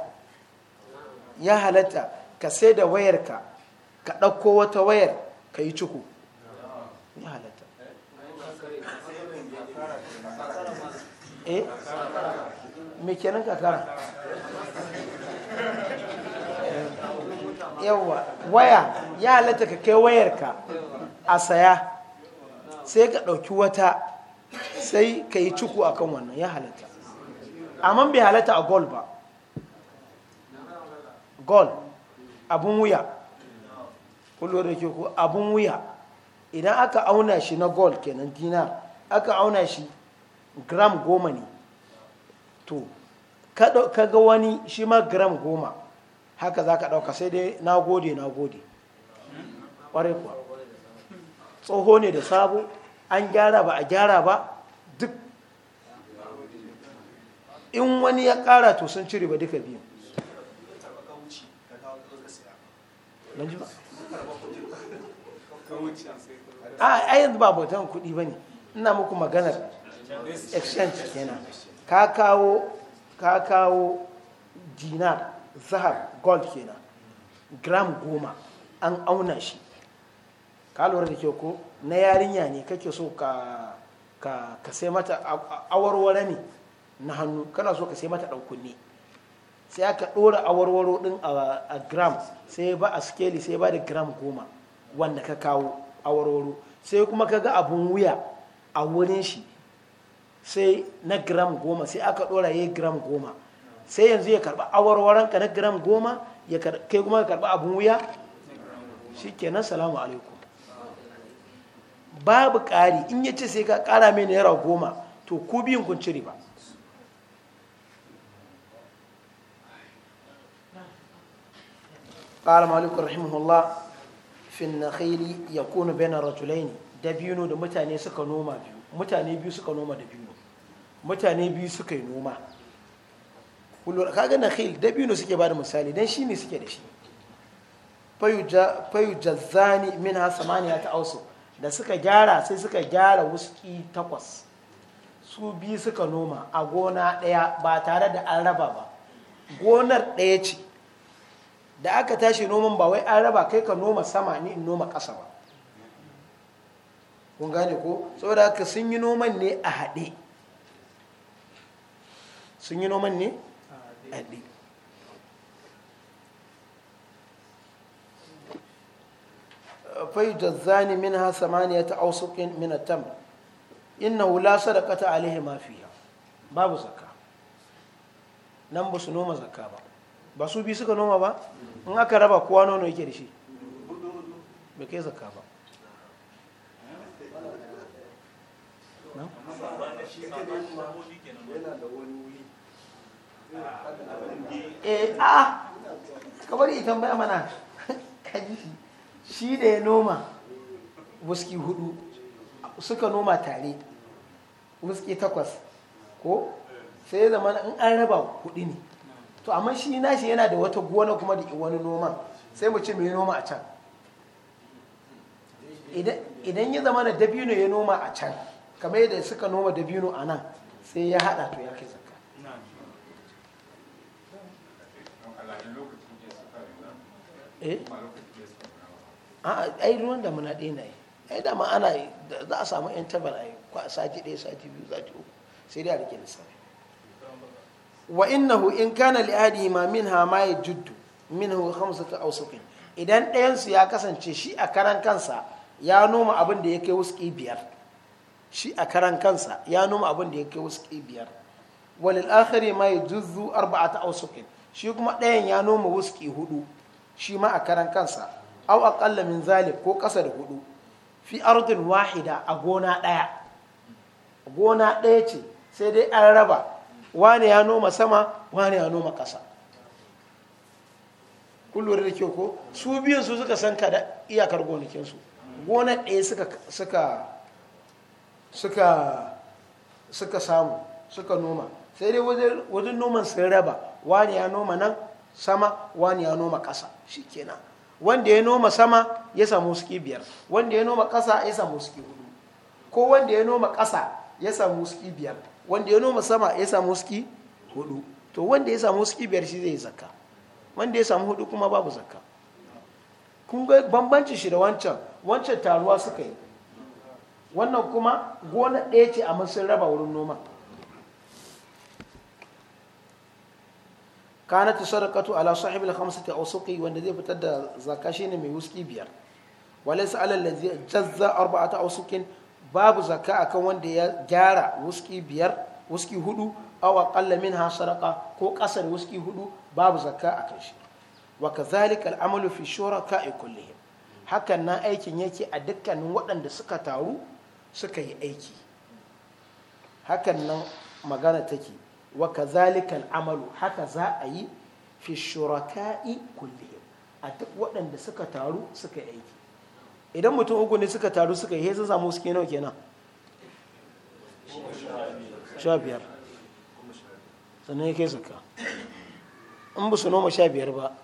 ya halatta ka sai da wayarka ka ɗauko wata wayar ka yi ciku ya halatta eh me kenan kakara eh. yawa waya ya halatta ka kai wayarka a saya sai ka ɗauki wata sai ka yi ciku akan wannan ya halatta amma bai halatta a gol ba gol abun wuya kullum da ke ko abun wuya idan aka auna shi na gol kenan dina aka auna shi gram goma ne to ka ga wani shi ma gram goma haka za ka ɗauka sai dai na gode na gode ƙwarai kuwa tsoho ne da sabo an gyara ba a gyara ba duk in wani ya kara to sun cire ba duka biyu a ayin ba bautan kudi ba ne ina muku maganar exchange kenan ka kawo ka kawo dinar zahar gold kenan gram goma an auna shi ka lura da kyau ko na yarinya ne kake so ka ka sai mata awarware ne na hannu kana so ka sai mata ɗan kunne sai aka ɗora awarwaro ɗin a gram sai ba a skeli sai ba da gram goma wanda ka kawo awarwaro sai kuma ka ga abun wuya a wurin shi sai na gram goma sai aka ɗora ya gram goma sai yanzu ya karɓi awarwaron ka na gram goma kai kuma ka karɓi abun wuya shi kenan salamu alaikum babu ƙari in ya ce sai ka ƙara mai naira goma to ku biyun kun cire ba قال مالك رحمه الله في النخيل يكون بين الرجلين دبينو da mutane suka noma biyu mutane biyu suka noma dabino mutane biyu suka yi noma kullum kaga nakhil dabino suke bada misali dan shi ne suke da shi fayu min ha samaniya ta ausu da suka gyara sai suka gyara wuski takwas su biyu suka noma a gona ɗaya ba tare da an raba ba gonar ɗaya ce da aka tashi noman ba wai an raba kai ka noma sama ne in noma ƙasa ba kun gane ko saboda haka sun yi noman ne a haɗe sun yi noman ne a haɗe da zani min ha samaniya ta ausukin min tam inna wula ta alihi mafiya babu zakka nan ba su noma zakka ba ba su bi suka noma ba in aka raba kowa nono yake da shi bai kai zaka ba eh a kamar yi tambaya mana kaji shi da ya noma wuski hudu suka noma tare wuski takwas ko sai ya zama in an raba hudu ne to amma shi nashi yana da wata gona kuma da wani noman sai mu ce mai noma a can idan ya zama da dabino ya noma a can kamar yadda suka noma dabino a nan sai ya hada to ya kai zaka eh? ai ruwan da muna ɗaya na yi ai dama ana za a samu yan tabar yi kwa sati ɗaya sati biyu sati uku sai dai a rike lissafi wa innahu in kana ma ahadihima minha ma yajuddu minhu khamsatu awsaqin idan ɗayansu ya kasance shi a karan kansa ya noma abin da kai wuski biyar shi a karan kansa ya noma abin da kai wuski biyar walil akhari ma yajuzzu ta awsaqin shi kuma ɗayan ya noma wuski hudu shi ma a karan kansa au a min zalib ko ƙasa da hudu fi ardin wahida a gona ɗaya gona ɗaya ce sai dai an raba wane ya noma sama wane ya noma kasa kullum da kyau ko su biyun su suka san kada iyakar gonakinsu gonar ɗaya suka samu suka noma sai dai wajen noman sun raba wani ya noma nan sama wani ya noma ƙasa shi kenan wanda ya noma sama ya samu suke biyar wanda ya noma ƙasa ya samu suke hudu ko wanda ya noma ƙasa ya samu suke biyar wanda ya noma sama ya samu suki hudu to wanda ya samu suki biyar shi zai zakka wanda ya samu hudu kuma babu zakka kun ga bambancin shi da wancan wancan taruwa suka yi wannan kuma gona ɗaya ce amma sun raba wurin noma kana ta sadaqatu ala sahibi da khamsati ta suqi wanda zai fitar da zakka ne mai wuski biyar walaysa ala allazi jazza arba'a ta ausukin. babu zakka akan wanda ya gyara wuski biyar wuski hudu awa min ha ko kasar wuski hudu babu zakka akan shi wa kadhalika al'amalu fi shuraka'i kullihim hakan nan aikin yake a dukkanin waɗanda suka taru suka yi aiki hakan nan magana take wa kadhalika al'amalu haka za a yi fi shuraka'i kullihim a duk waɗanda suka taru suka yi aiki idan mutum uku ne suka taru suka yi sun samu suke nawa kenan sha biyar sannan ya kai in ba su noma sha biyar ba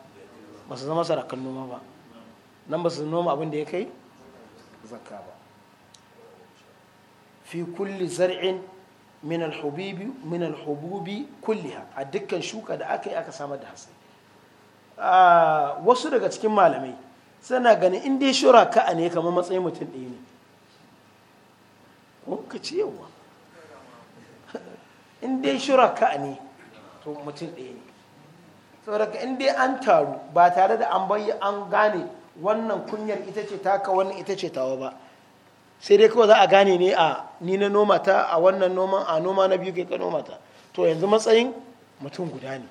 ba su zama sarakan noma ba nan ba su noma abin da ya kai zakka ba fi kulli zar'in min alhubibi min alhububi kulliha a dukkan shuka da aka yi aka samar da hatsi ah, wasu daga cikin malamai suna ganin in dai shura ka ne kamar matsayin mutum ɗaya ne ko ka ce yawa in dai shura ka ne to mutum ɗaya ne saboda in dai an taru ba tare da an bayi an gane wannan kunyar ita ce taka wannan ita ce tawa ba sai dai kawai za a gane ne a ni na noma ta a wannan noma a noma na biyu kai ka noma ta to yanzu matsayin mutum guda ne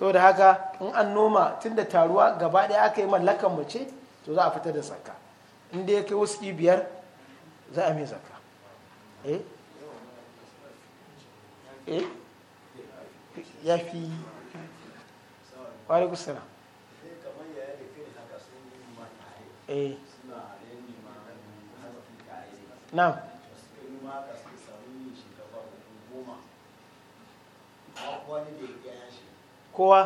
da haka in an noma tun da taruwa gaba ɗaya aka yi mallakan mace to za a fitar da zakka in da ya kai wasu biyar za a mai zakka eh, eh? ya fi ƙwararru sana eh wani da ya kowa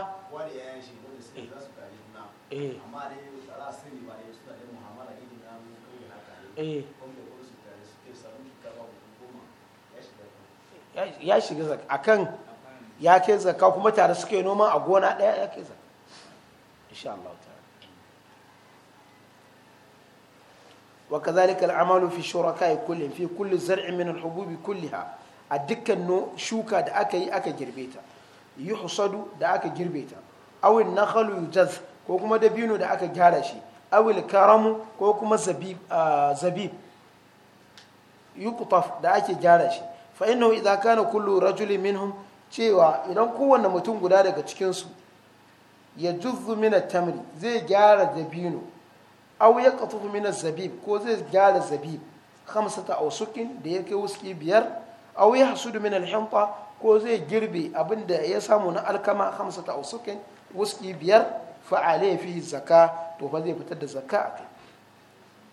ya shiga zaka kan ya kai zaka kuma tare suke noma a gona daya ya kai zaka insha Allah ta'ala wa kadhalika al'amalu fi shuraka'i kullin fi kulli zar'in min al-hububi kulliha a dukkan shuka da aka yi aka girbe ta Yi husadu da aka girbe ta awil nakhalu yujaz ko kuma dabino da aka gyara shi awil karamu ko kuma zabib zabib yuqtaf da ake gyara shi fa innahu idza kana kullu rajulin minhum cewa idan kowanne mutum guda daga cikin su ya juzzu min tamri zai gyara dabino aw yaqtufu min zabib ko zai gyara zabib khamsata awsukin da ya yake wuski biyar aw yahsudu min al-hinta ko zai girbe abin da ya samu na alkama hamsa ta usukin wuski biyar fa'ale fi zaka to fa zai fitar da zaka a kai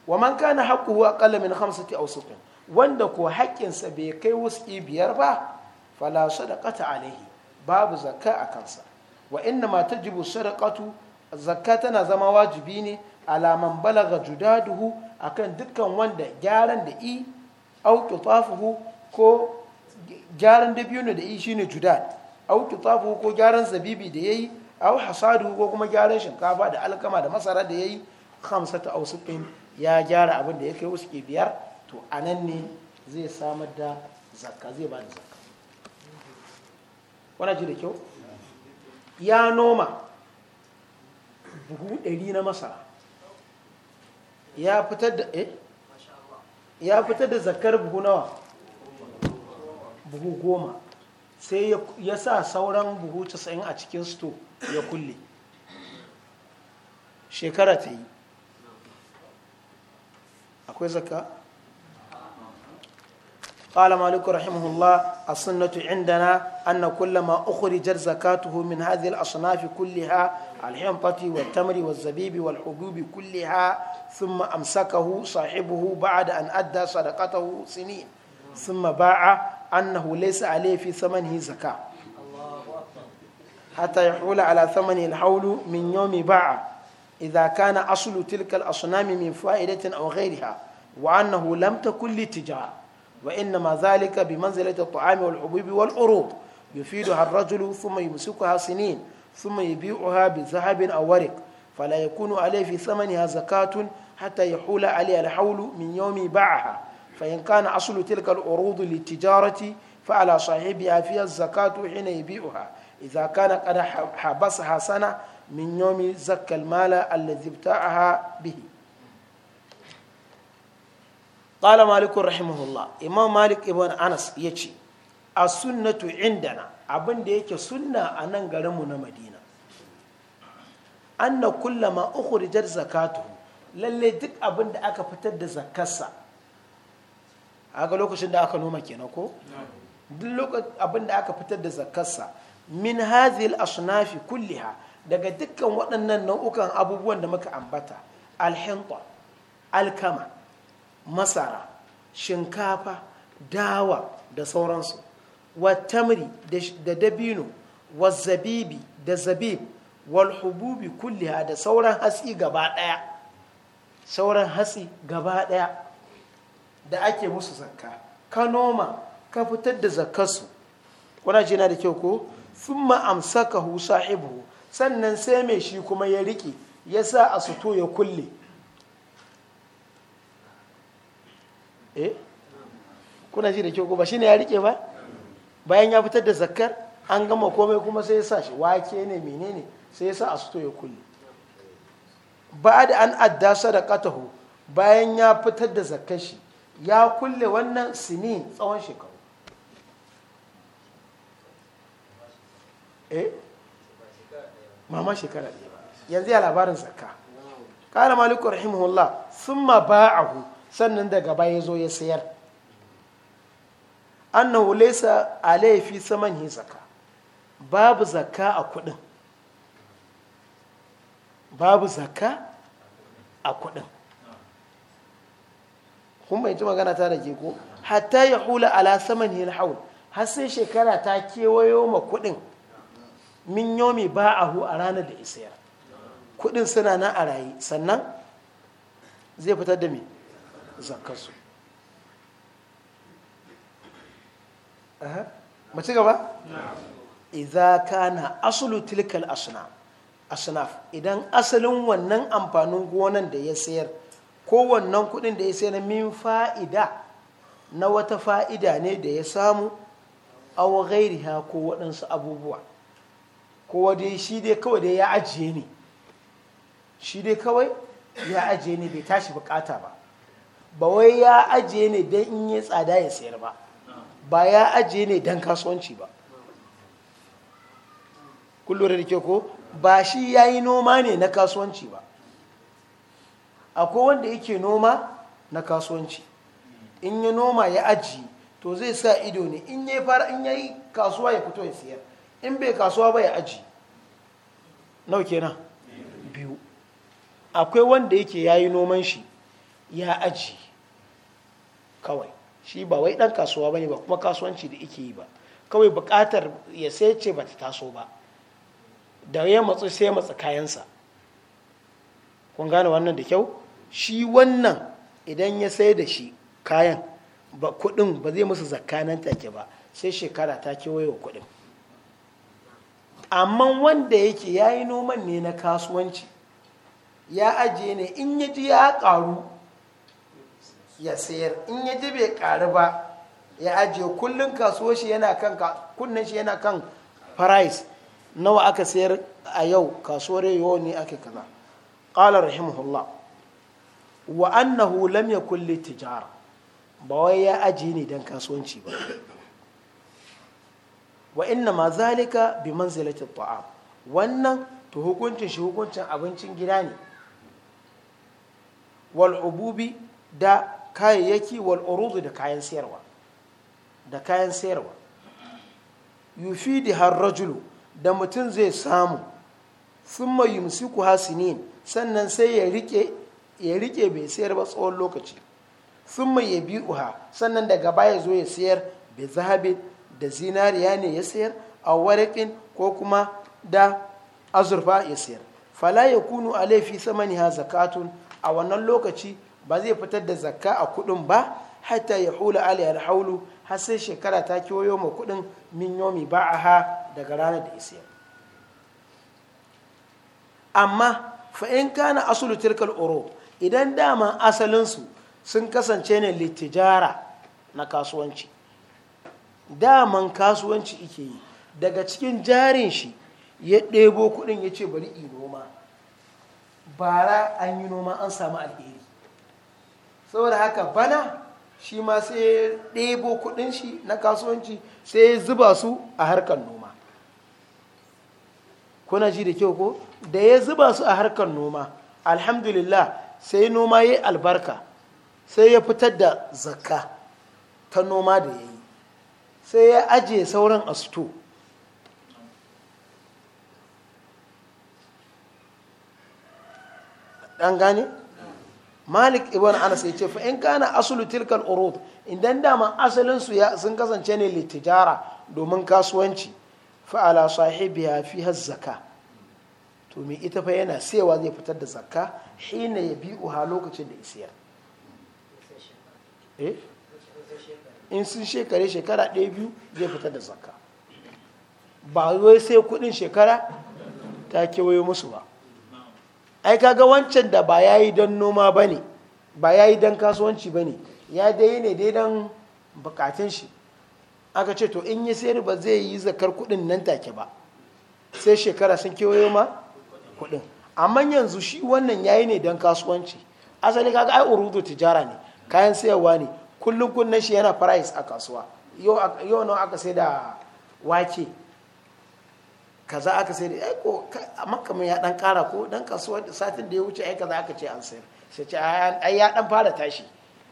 wa man kana haqquhu aqalla min khamsati awsuqin wanda ko haƙƙinsa bai kai wuski biyar ba fala sadaqata alaihi babu zaka a kansa wa inna ma tajibu sadaqatu zakka tana zama wajibi ne ala man balaga judaduhu akan dukkan wanda gyaran da i au ko gyaran dabino da yi shine judad au kitafu ko gyaran zabibi da yayi au hasadu ko kuma gyaran shinkafa da alkama da masara da yayi khamsata au sittin ya gyara abin da ya kai wasu ke biyar to anan ne zai samar da zakka zai ba da zakka wana ji da kyau ya noma buhu ɗari na masara ya fitar da eh ya fitar da zakkar buhu nawa buhu goma sai ya sa sauran buhu casa'in a cikin sto ya kulle shekara ta yi akwai zaka قال مالك رحمه الله السنة عندنا أن كل ما أخرجت زكاته من هذه الأصناف كلها الحنطة والتمر والزبيب والحبوب كلها ثم أمسكه صاحبه بعد أن أدى صدقته سنين ثم باع أنه ليس عليه في ثمنه زكاة حتى يحول على ثمنه الحول من يوم باع إذا كان أصل تلك الأصنام من فائدة أو غيرها وأنه لم تكن للتجارة وإنما ذلك بمنزلة الطعام والحبوب والعروض يفيدها الرجل ثم يمسكها سنين ثم يبيعها بذهب أو ورق فلا يكون عليه في ثمنها زكاة حتى يحول عليها الحول من يوم باعها فإن كان أصل تلك العروض للتجارة فعلى صاحبها فيها الزكاة حين يبيعها إذا كان قد حبسها سنة من يوم زكى المال الذي ابتاعها به قال مالك رحمه الله إمام مالك ابن أنس يجي السنة عندنا abin da yake sunna a nan garinmu na madina anna kullama ukhrijat zakatu lalle duk abin da aka fitar da zakarsa aga lokacin da aka noma kenan ko duk lokacin abin da aka fitar da zakarsa min hazil asnafi kulliha daga dukkan waɗannan nau'ukan abubuwan da muka ambata alhinta alkama masara shinkafa dawa da sauransu tamri da dabino zabibi da zabib hububi kulliha da sauran hatsi gaba ɗaya sauran hatsi gaba ɗaya da ake musu zakka ka noma ka fitar da zakkarsu kuna jina da kyau ko sun ma'amsaka hu sahibu sannan sai mai shi kuma ya rike. ya sa a suto ya kulle eh kuna ji da kyau ko ba shi ne ya rike ba bayan ya fitar da zakkar an gama komai kuma sai ya sa shi wake ne menene sai ya sa a suto ya kulle ba da an adda sadaqatahu bayan ya fitar da zakkar shi ya kulle wannan sini tsawon shekaru mama eh? shekara ɗaya yanzu ya labarin zakka kala maliku rahimahullah sun ma ba'ahu sannan daga baya zo ya sayar annahu a laifi saman yi zakka babu zakka a kudin babu zakka a kudin kun bai magana ta da ke ko hatta ya hula ala saman yin haul har sai shekara ta kewayo ma kuɗin min yomi ba a hu a ranar da isayar kuɗin suna na a rayu sannan zai fitar da me zakarsu mace gaba? idza kana asulu tilkal asnaf idan asalin wannan amfanin gonan da ya sayar kowannan kuɗin da ya sai na min fa'ida na wata fa'ida ne da ya samu awa ha ko waɗansu abubuwa kowa dai shi dai kawai dai ya ajiye ne shi dai kawai ya ajiye ne bai tashi bukata ba ba wai ya ajiye ne don in yi tsada ya sayar ba ba ya ajiye ne don kasuwanci ba kullum da ke ko ba shi ya yi noma ne na kasuwanci ba akwai wanda yake noma na kasuwanci in ya noma ya aji to zai sa ido ne in ya fara kasuwa ya fito ya siyar in bai kasuwa ba ya aji nau kenan biyu akwai wanda yake yayi noman shi ya aji kawai shi ba wai dan kasuwa ne ba kuma kasuwanci da yake yi ba kawai bukatar ya sai ce ba ta taso ba da ya matsu sai matsa kayansa kun gane wannan da kyau shi wannan idan ya sai da shi kayan ba kudin ba zai musu zakanan take ba sai shekara ta kewaye wa kudin amma wanda yake ya yi noman ne na kasuwanci ya ajiye ne in ya ji ya karu ya sayar in ya ji bai karu ba ya ajiye kullum kasuwa shi yana kan kunnen shi yana kan price nawa aka sayar a yau kasuwar yau ne ake kaza qala rahimahullah wa annahu lam yakul tijara ba wai ya ajiye ne dan kasuwanci ba wa inna ma zalika bi manzilati ta'am wannan to hukuncin shi hukuncin abincin gida ne wal ububi da kayayyaki wal urudu da kayan sayarwa da kayan sayarwa yufidi har rajulu da mutum zai samu thumma yumsiku hasinin sannan sai ya rike ya rike bai sayar ba tsawon lokaci sun mai ya ha sannan daga baya zo ya sayar bai zahabin da zinariya ne ya sayar a warakin ko kuma da azurfa ya sayar fala ya kunu a laifi samani ha zakatun a wannan lokaci ba zai fitar da zakka a kudin ba hatta ya hula aliyar haulu har sai shekara ta kiwoyo ma kudin min yomi ba a ha daga ranar da isiya amma fa'in kana asulu tirkal oro idan dama asalinsu sun kasance ne littijara na kasuwanci daman kasuwanci ike yi daga cikin jarin shi ya ɗebo kuɗin ya ce bari yi noma bara an yi noma an samu alheri saboda haka bana shi ma sai ya ɗebo kuɗin shi na kasuwanci sai ya zuba su a harkar noma kuna ji da kyau ko da ya zuba su a harkar noma alhamdulillah sai noma ya albarka sai ya fitar da zakka ta noma da ya yi sai ya ajiye sauran a suto ɗan gane? malik ibn anas ya ce fa in kana asulu tilkal urud idan dama asalinsu su sun kasance ne litijara domin kasuwanci fa ala sahibiha fi zakka to me ita fa yana sewa zai fitar da zakka hina ya bi uha lokacin da isiyar eh? in sun shekare shekara ɗaya biyu zai fitar da zakka ba wai sai kudin shekara ta kewaye musu ba ai kaga wancan da ba ya yi don noma ba ne ba ya yi don kasuwanci ba ne ya dai ne dai don bukatun shi aka ce to in yi sayar ba zai yi zakar kudin nan take ba sai shekara sun kewaye ma kudin amma yanzu shi wannan yayi ne don kasuwanci asali kaga ai urudu tijara ne kayan sayarwa ne kullum kunnen shi yana price a kasuwa yau nawa aka sai da wake kaza aka sai da ko amma ya dan kara ko dan kasuwa satin da ya wuce aika za aka ce an sayar sai ce ai ya dan fara tashi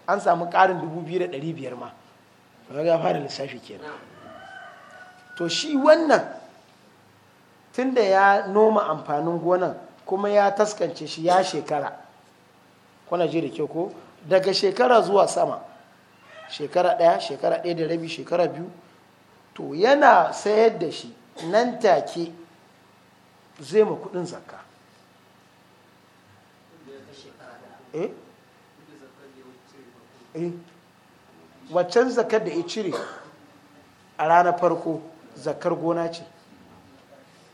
an samu karin 2500 ma kaga ya fara lissafi kenan to shi wannan tunda ya noma amfanin gonan kuma ya taskance shi ya shekara kuna ji da ke ko daga shekara zuwa sama shekara ɗaya shekara ɗaya da rabi shekara biyu to yana sayar da shi nan take zai ma kudin zakka eh, eh. waccan zakar da ya cire a ranar farko zakar gona ce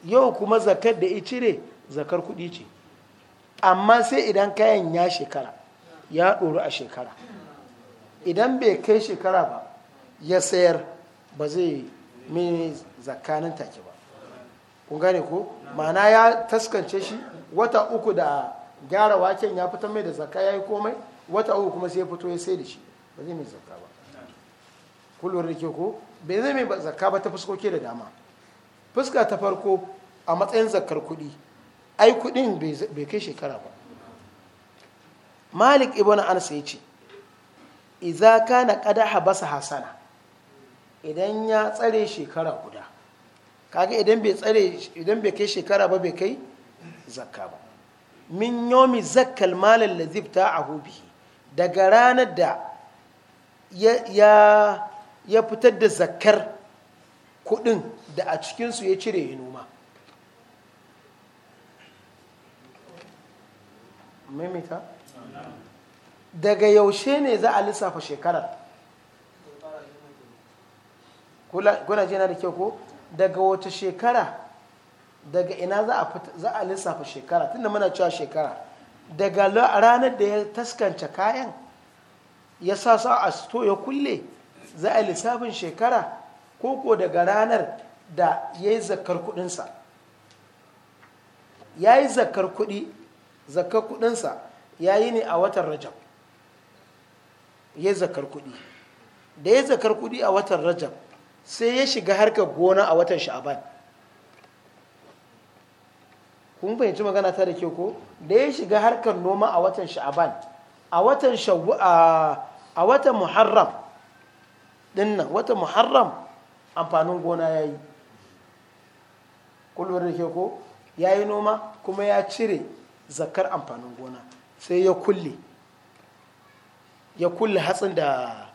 yau kuma zakar da ya cire zakar kuɗi ce amma sai idan kayan ya shekara ya ɗoru a shekara idan bai kai shekara ba ya sayar ba zai mini zakanin take ba kun gane ko ma'ana ya taskance shi wata uku da gyara waken ya fito mai da zakka ya yi komai wata uku kuma sai ya fito ya sai da shi ba zai mai zakka ba kullum da ke ko bai zai mai zakka ba ta fuskoki da dama fuska ta farko a matsayin zakar kuɗi ai kudin bai kai shekara ba malik ibn anas ya ce idza kana qada habasa hasana idan ya tsare shekara guda kaga idan bai tsare idan bai kai shekara ba bai kai zakka ba min yomi zakkal mal allazi a bihi daga ranar da ya fitar da zakkar kudin da a cikinsu ya cire ya noma daga yaushe ne za a lissafa shekarar kuna jina da kyau ko daga wata shekara daga ina za a lissafa shekara tunda muna cewa shekara daga ranar da ya taskance kayan ya sa sa a sito ya kulle za a lissafin shekara ko ko daga ranar da ya yi zakar kudinsa ya yi zakar kudi zakar kudinsa ya yi ne a watan rajab ya yi zakar kudi da ya zakar kudi a watan rajab sai ya shiga harkar gona a watan sha'aban kun fahimci magana ta da ke ko da ya shiga harkar noma a watan sha'aban a watan a watan muharram dinnan watan muharram amfanin gona ya yi kullum da ke ko ya yi noma kuma ya cire zakar amfanin gona sai ya kulle ya kulle hatsin da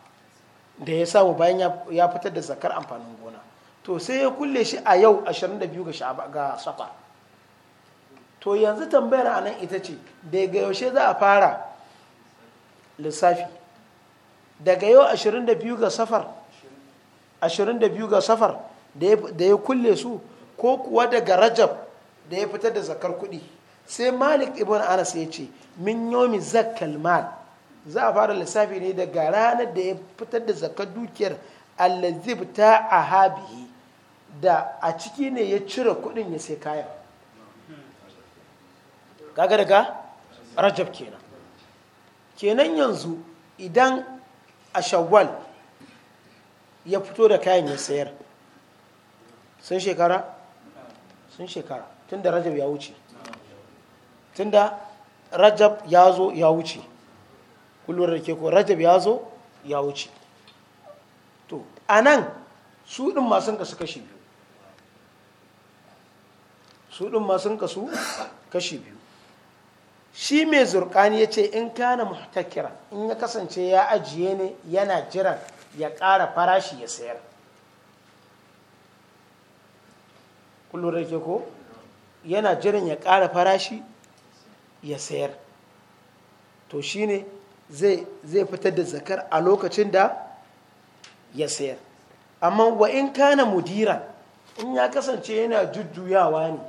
da ya samu bayan ya fitar da zakar amfanin gona to sai ya kulle shi a yau 22 ga safa to yanzu tambayar a nan ita ce daga yaushe za a fara lissafi daga yau 22 ga safar 22 ga safar da ya kulle su ko kuwa daga rajab da ya fitar da zakar kuɗi sai malik ibn anas ya ce min yomi zakkal mal za a fara lissafi ne daga ranar da ya fitar da zakar dukiyar allazib ta a habihi da a ciki ne ya cire kudin ya sai kayan gaga daga rajab kenan kenan yanzu idan a shawwal ya fito da kayan ya sayar sun shekara sun shekara tun da rajab ya wuce tunda rajab ya zo ya wuce kullum da ke ko rajab ya zo ya wuce to a nan su ɗin masu kasu kashi biyu su ɗin masu kasu kashi biyu shi mai zurkani ya ce in kana muhtakira in ya kasance ya ajiye ne yana jiran ya ƙara farashi ya sayar kullum da ke ko yana jiran ya ƙara farashi ya sayar to shi zai zai fitar da zakar a lokacin da ya sayar amma wa in kana mudiran in ya kasance yana jujjuyawa ne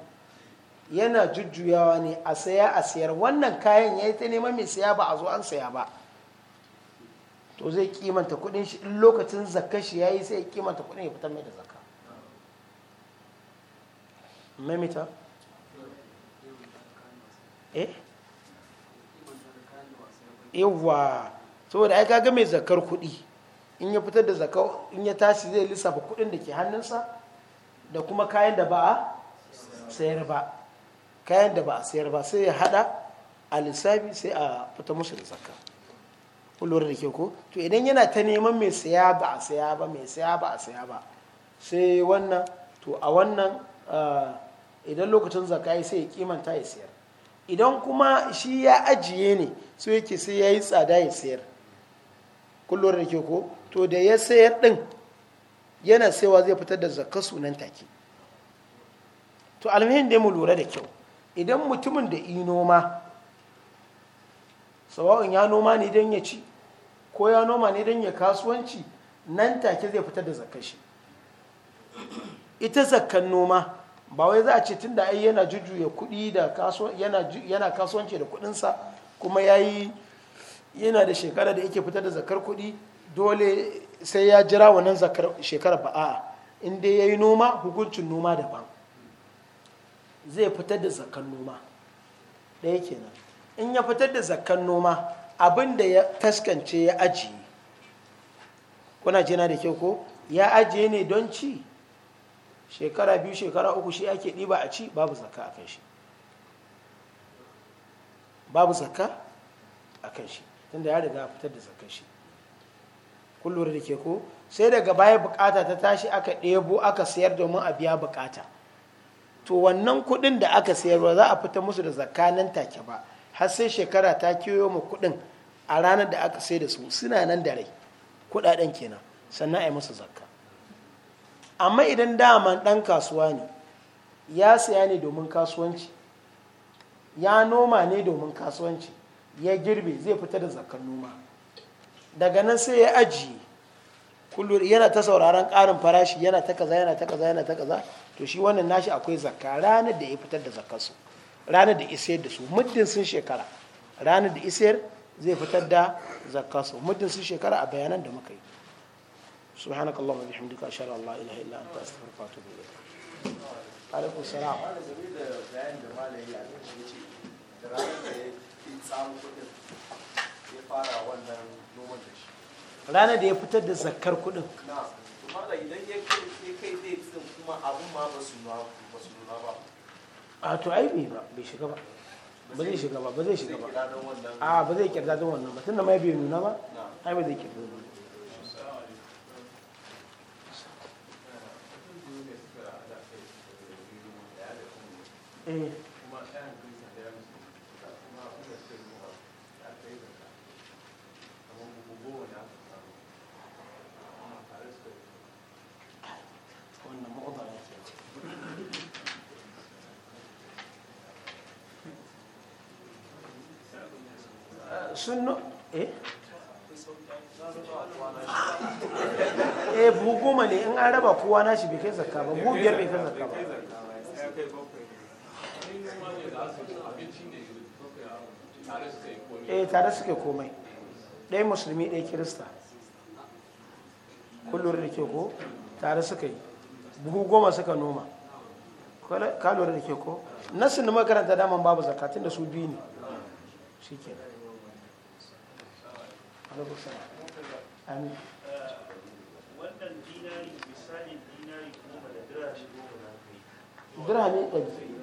yana jujjuyawa ne a saya a sayar wannan kayan ya yi ta neman mai saya ba a zo an saya ba to zai kimanta kudin shi in lokacin zakar shi ya yi sai kimanta kudin ya fitar mai da zakar. mamita eh yawwa saboda ai kaga mai zakar kuɗi in ya fitar da zakar in ya tashi zai lissafa kuɗin da ke hannunsa da kuma kayan da ba a sayar ba kayan da ba a sayar ba sai ya hada a lissafi sai a fita musu da zakar kullum da ke ko to idan yana ta neman mai saya ba a saya ba mai saya ba a saya ba sai wannan to a wannan ah, idan lokacin zakai sai ya kimanta ya sayar idan kuma shi ya ajiye ne so yake sai ya yi tsada ya sayar kullum da ke ko to da ya sayar ɗin yana saiwa zai fitar da zakka sunan take to almihin dai mu lura da kyau idan mutumin da yi noma sawa'un ya noma ne don ya ci ko ya noma ne don ya kasuwanci nan take zai fitar da zakka shi ita zakkan noma ba wai za a ce tun da ai yana jujjuya kuɗi da yana kasuwanci da kuɗinsa kuma ya yi yana da shekara da yake fitar da zakar kuɗi dole sai ya jira wannan zakar shekara ba a'a in dai ya yi noma hukuncin noma daban zai fitar da zakar noma ɗaya kenan in ya fitar da zakar noma abin da ya taskance ya ajiye kuna jina da kyau ko ya ajiye ne don ci shekara biyu shekara uku shi ake ɗiba a ci babu zakka a kan shi babu zakka a kan shi tunda ya riga fitar da zakkan shi kullum da ke ko sai daga baya bukata ta tashi aka ɗebo aka sayar domin a biya bukata to wannan kuɗin da aka sayar ba za a fita musu da zakka nan take ba har sai shekara ta kiyo mu kuɗin a ranar da aka sayar da su suna nan da rai kuɗaɗen kenan sannan a yi musu zakka amma idan dama ɗan kasuwa ne ya siya ne domin kasuwanci ya noma ne domin kasuwanci ya girbe zai fita da zakar noma daga nan sai ya ajiye kullum yana ta sauraron ƙarin farashi yana ta kaza yana ta kaza yana ta kaza to shi wannan nashi akwai zakka ranar da ya fitar da su ranar da isayar da su muddin sun shekara ranar da isayar zai fitar da su muddin sun shekara a bayanan da muka yi سبحانك اللهم وبحمدك اشهد ان لا اله الا انت استغفرك واتوب اليك alaikum salam ranar da ya fitar da zakar kudin a to ai bai shiga ba ba zai shiga ba ba zai shiga ba a ba zai kirda don wannan ba tunda mai bai nuna ba ai ba zai kirda don sunno eh eh bugu ne in an raba kowa nashi bai kai zakka ba mu biyar bai kai zakka ba eh tare suke komai ɗaya musulmi ɗaya kirista kullum da ke ko tare suka yi buhu goma suka noma ka lura da ke ko nasin da makaranta daman babu zakatun da su biyu ne shi ke amin wannan dinari misalin dinari kuma da dirhami goma na kai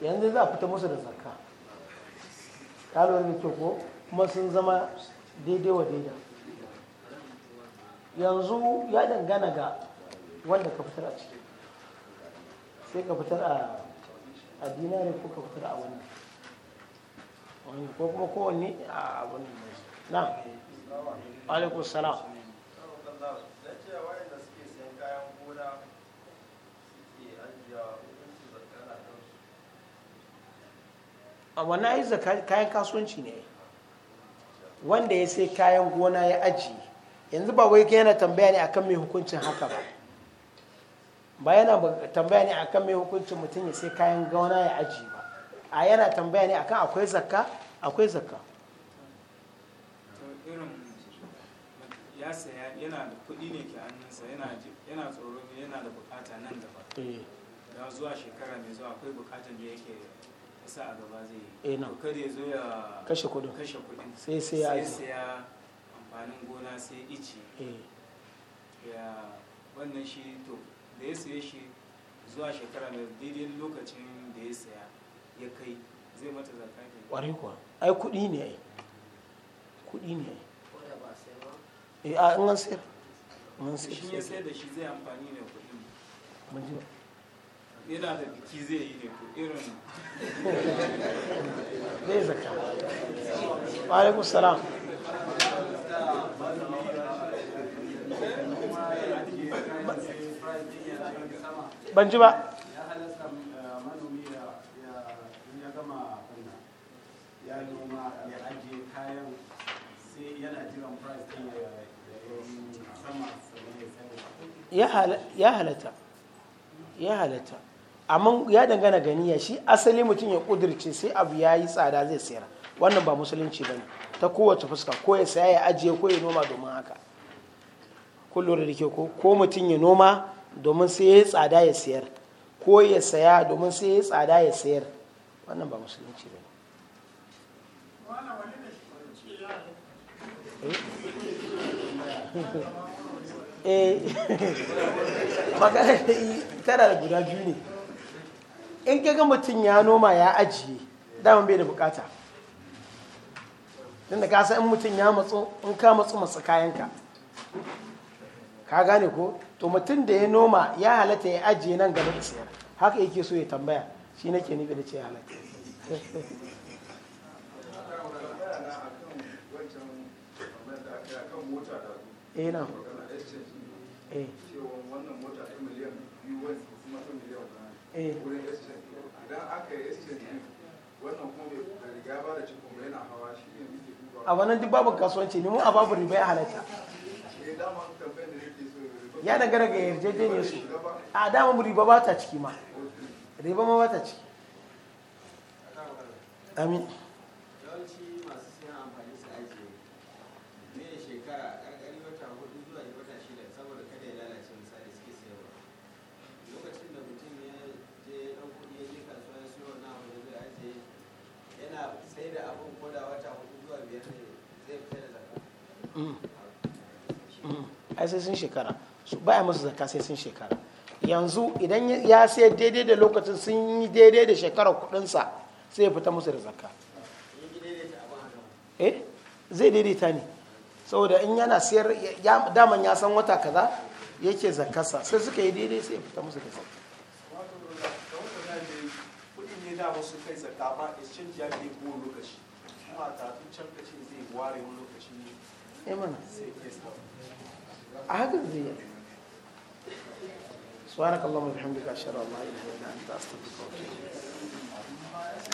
yanzu za a fita musu da zakka ta lura da ko kuma sun zama daidai wa daida yanzu ya dangana ga wanda ka fitar a ciki sai ka fitar a ne ko ka fitar a wani ko kuma kowanne a wani na alaikun salam a wannan ai kayan kasuwanci ne wanda ya sai kayan gona ya aji yanzu ba wai yana tambaya ne akan mai hukuncin haka ba ba yana tambaya ne akan mai hukuncin mutum ya sai kayan gona ya aji ba a yana tambaya ne akan akwai zakka akwai zakka ya saya yana da kuɗi ne ke hannunsa yana tsoro yana da bukata nan da ba eh. da zuwa shekara mai zuwa akwai bukatan da yake sa a gaba zai yi eh, kar ya zo ya kashe kudin sai sai ya amfanin gona sai ice eh. ya wannan shi to da ya saye shi zuwa shekara da daidai lokacin da ya saya ya kai zai mata zakka ne kwarai kuwa ai kudi ne ai kudi ne ai a eh, an sayar an sayar shi ya sayar da shi zai amfani ne kudin mun ji ba yana da biki zai yi ne ko irin zai zaka wa alaikum salam ban ji ba ya noma ya ajiye kayan sai yana jiran price din ya sama ya halatta ya halatta amma ya dangana gani niyya shi asali mutum ya kudirce sai abu ya yi tsada zai sayar wannan ba musulunci ba ne ta kowace fuska ko ya saya ya ajiye ko ya noma domin haka kun lura da ke ko ko mutum ya noma domin sai ya yi tsada ya sayar ko ya saya domin sai ya yi tsada ya sayar wannan ba musulunci ba ne eh magana tana da guda biyu ne in ga mutum ya noma ya ajiye daman bai da bukata tunda ka san in mutum ya matsu in ka matsu masu kayanka ka gane ko to mutum da ya noma ya halatta ya ajiye nan gaba da sayar haka yake so ya tambaya shi nake nufi da ce halatta eh na eh Eh. wurin idan a wannan duk babu kasuwanci ne mu a babu riba ya halatta eh, ya daga ga yarjejeniyar su a dama riba ba ta ciki ma riba ma ba ta ciki amin ai sai sun shekara su baya musu zakka sai sun shekara yanzu idan ya sai daidai da lokacin sun yi daidai da shekarar kudinsa sai ya fita musu da zakka eh zai daidaita ne saboda in yana siyar daman ya san wata kaza yake zakkarsa sai suka yi daidai sai ya fita musu da zakka da wasu kai zakka ba exchange ya ke kowane lokaci kuma a tatun can ce zai ware wani lokaci ne mana a hakan سبحانك اللهم وبحمدك اشهد ان لا اله الا انت استغفرك واتوب اليك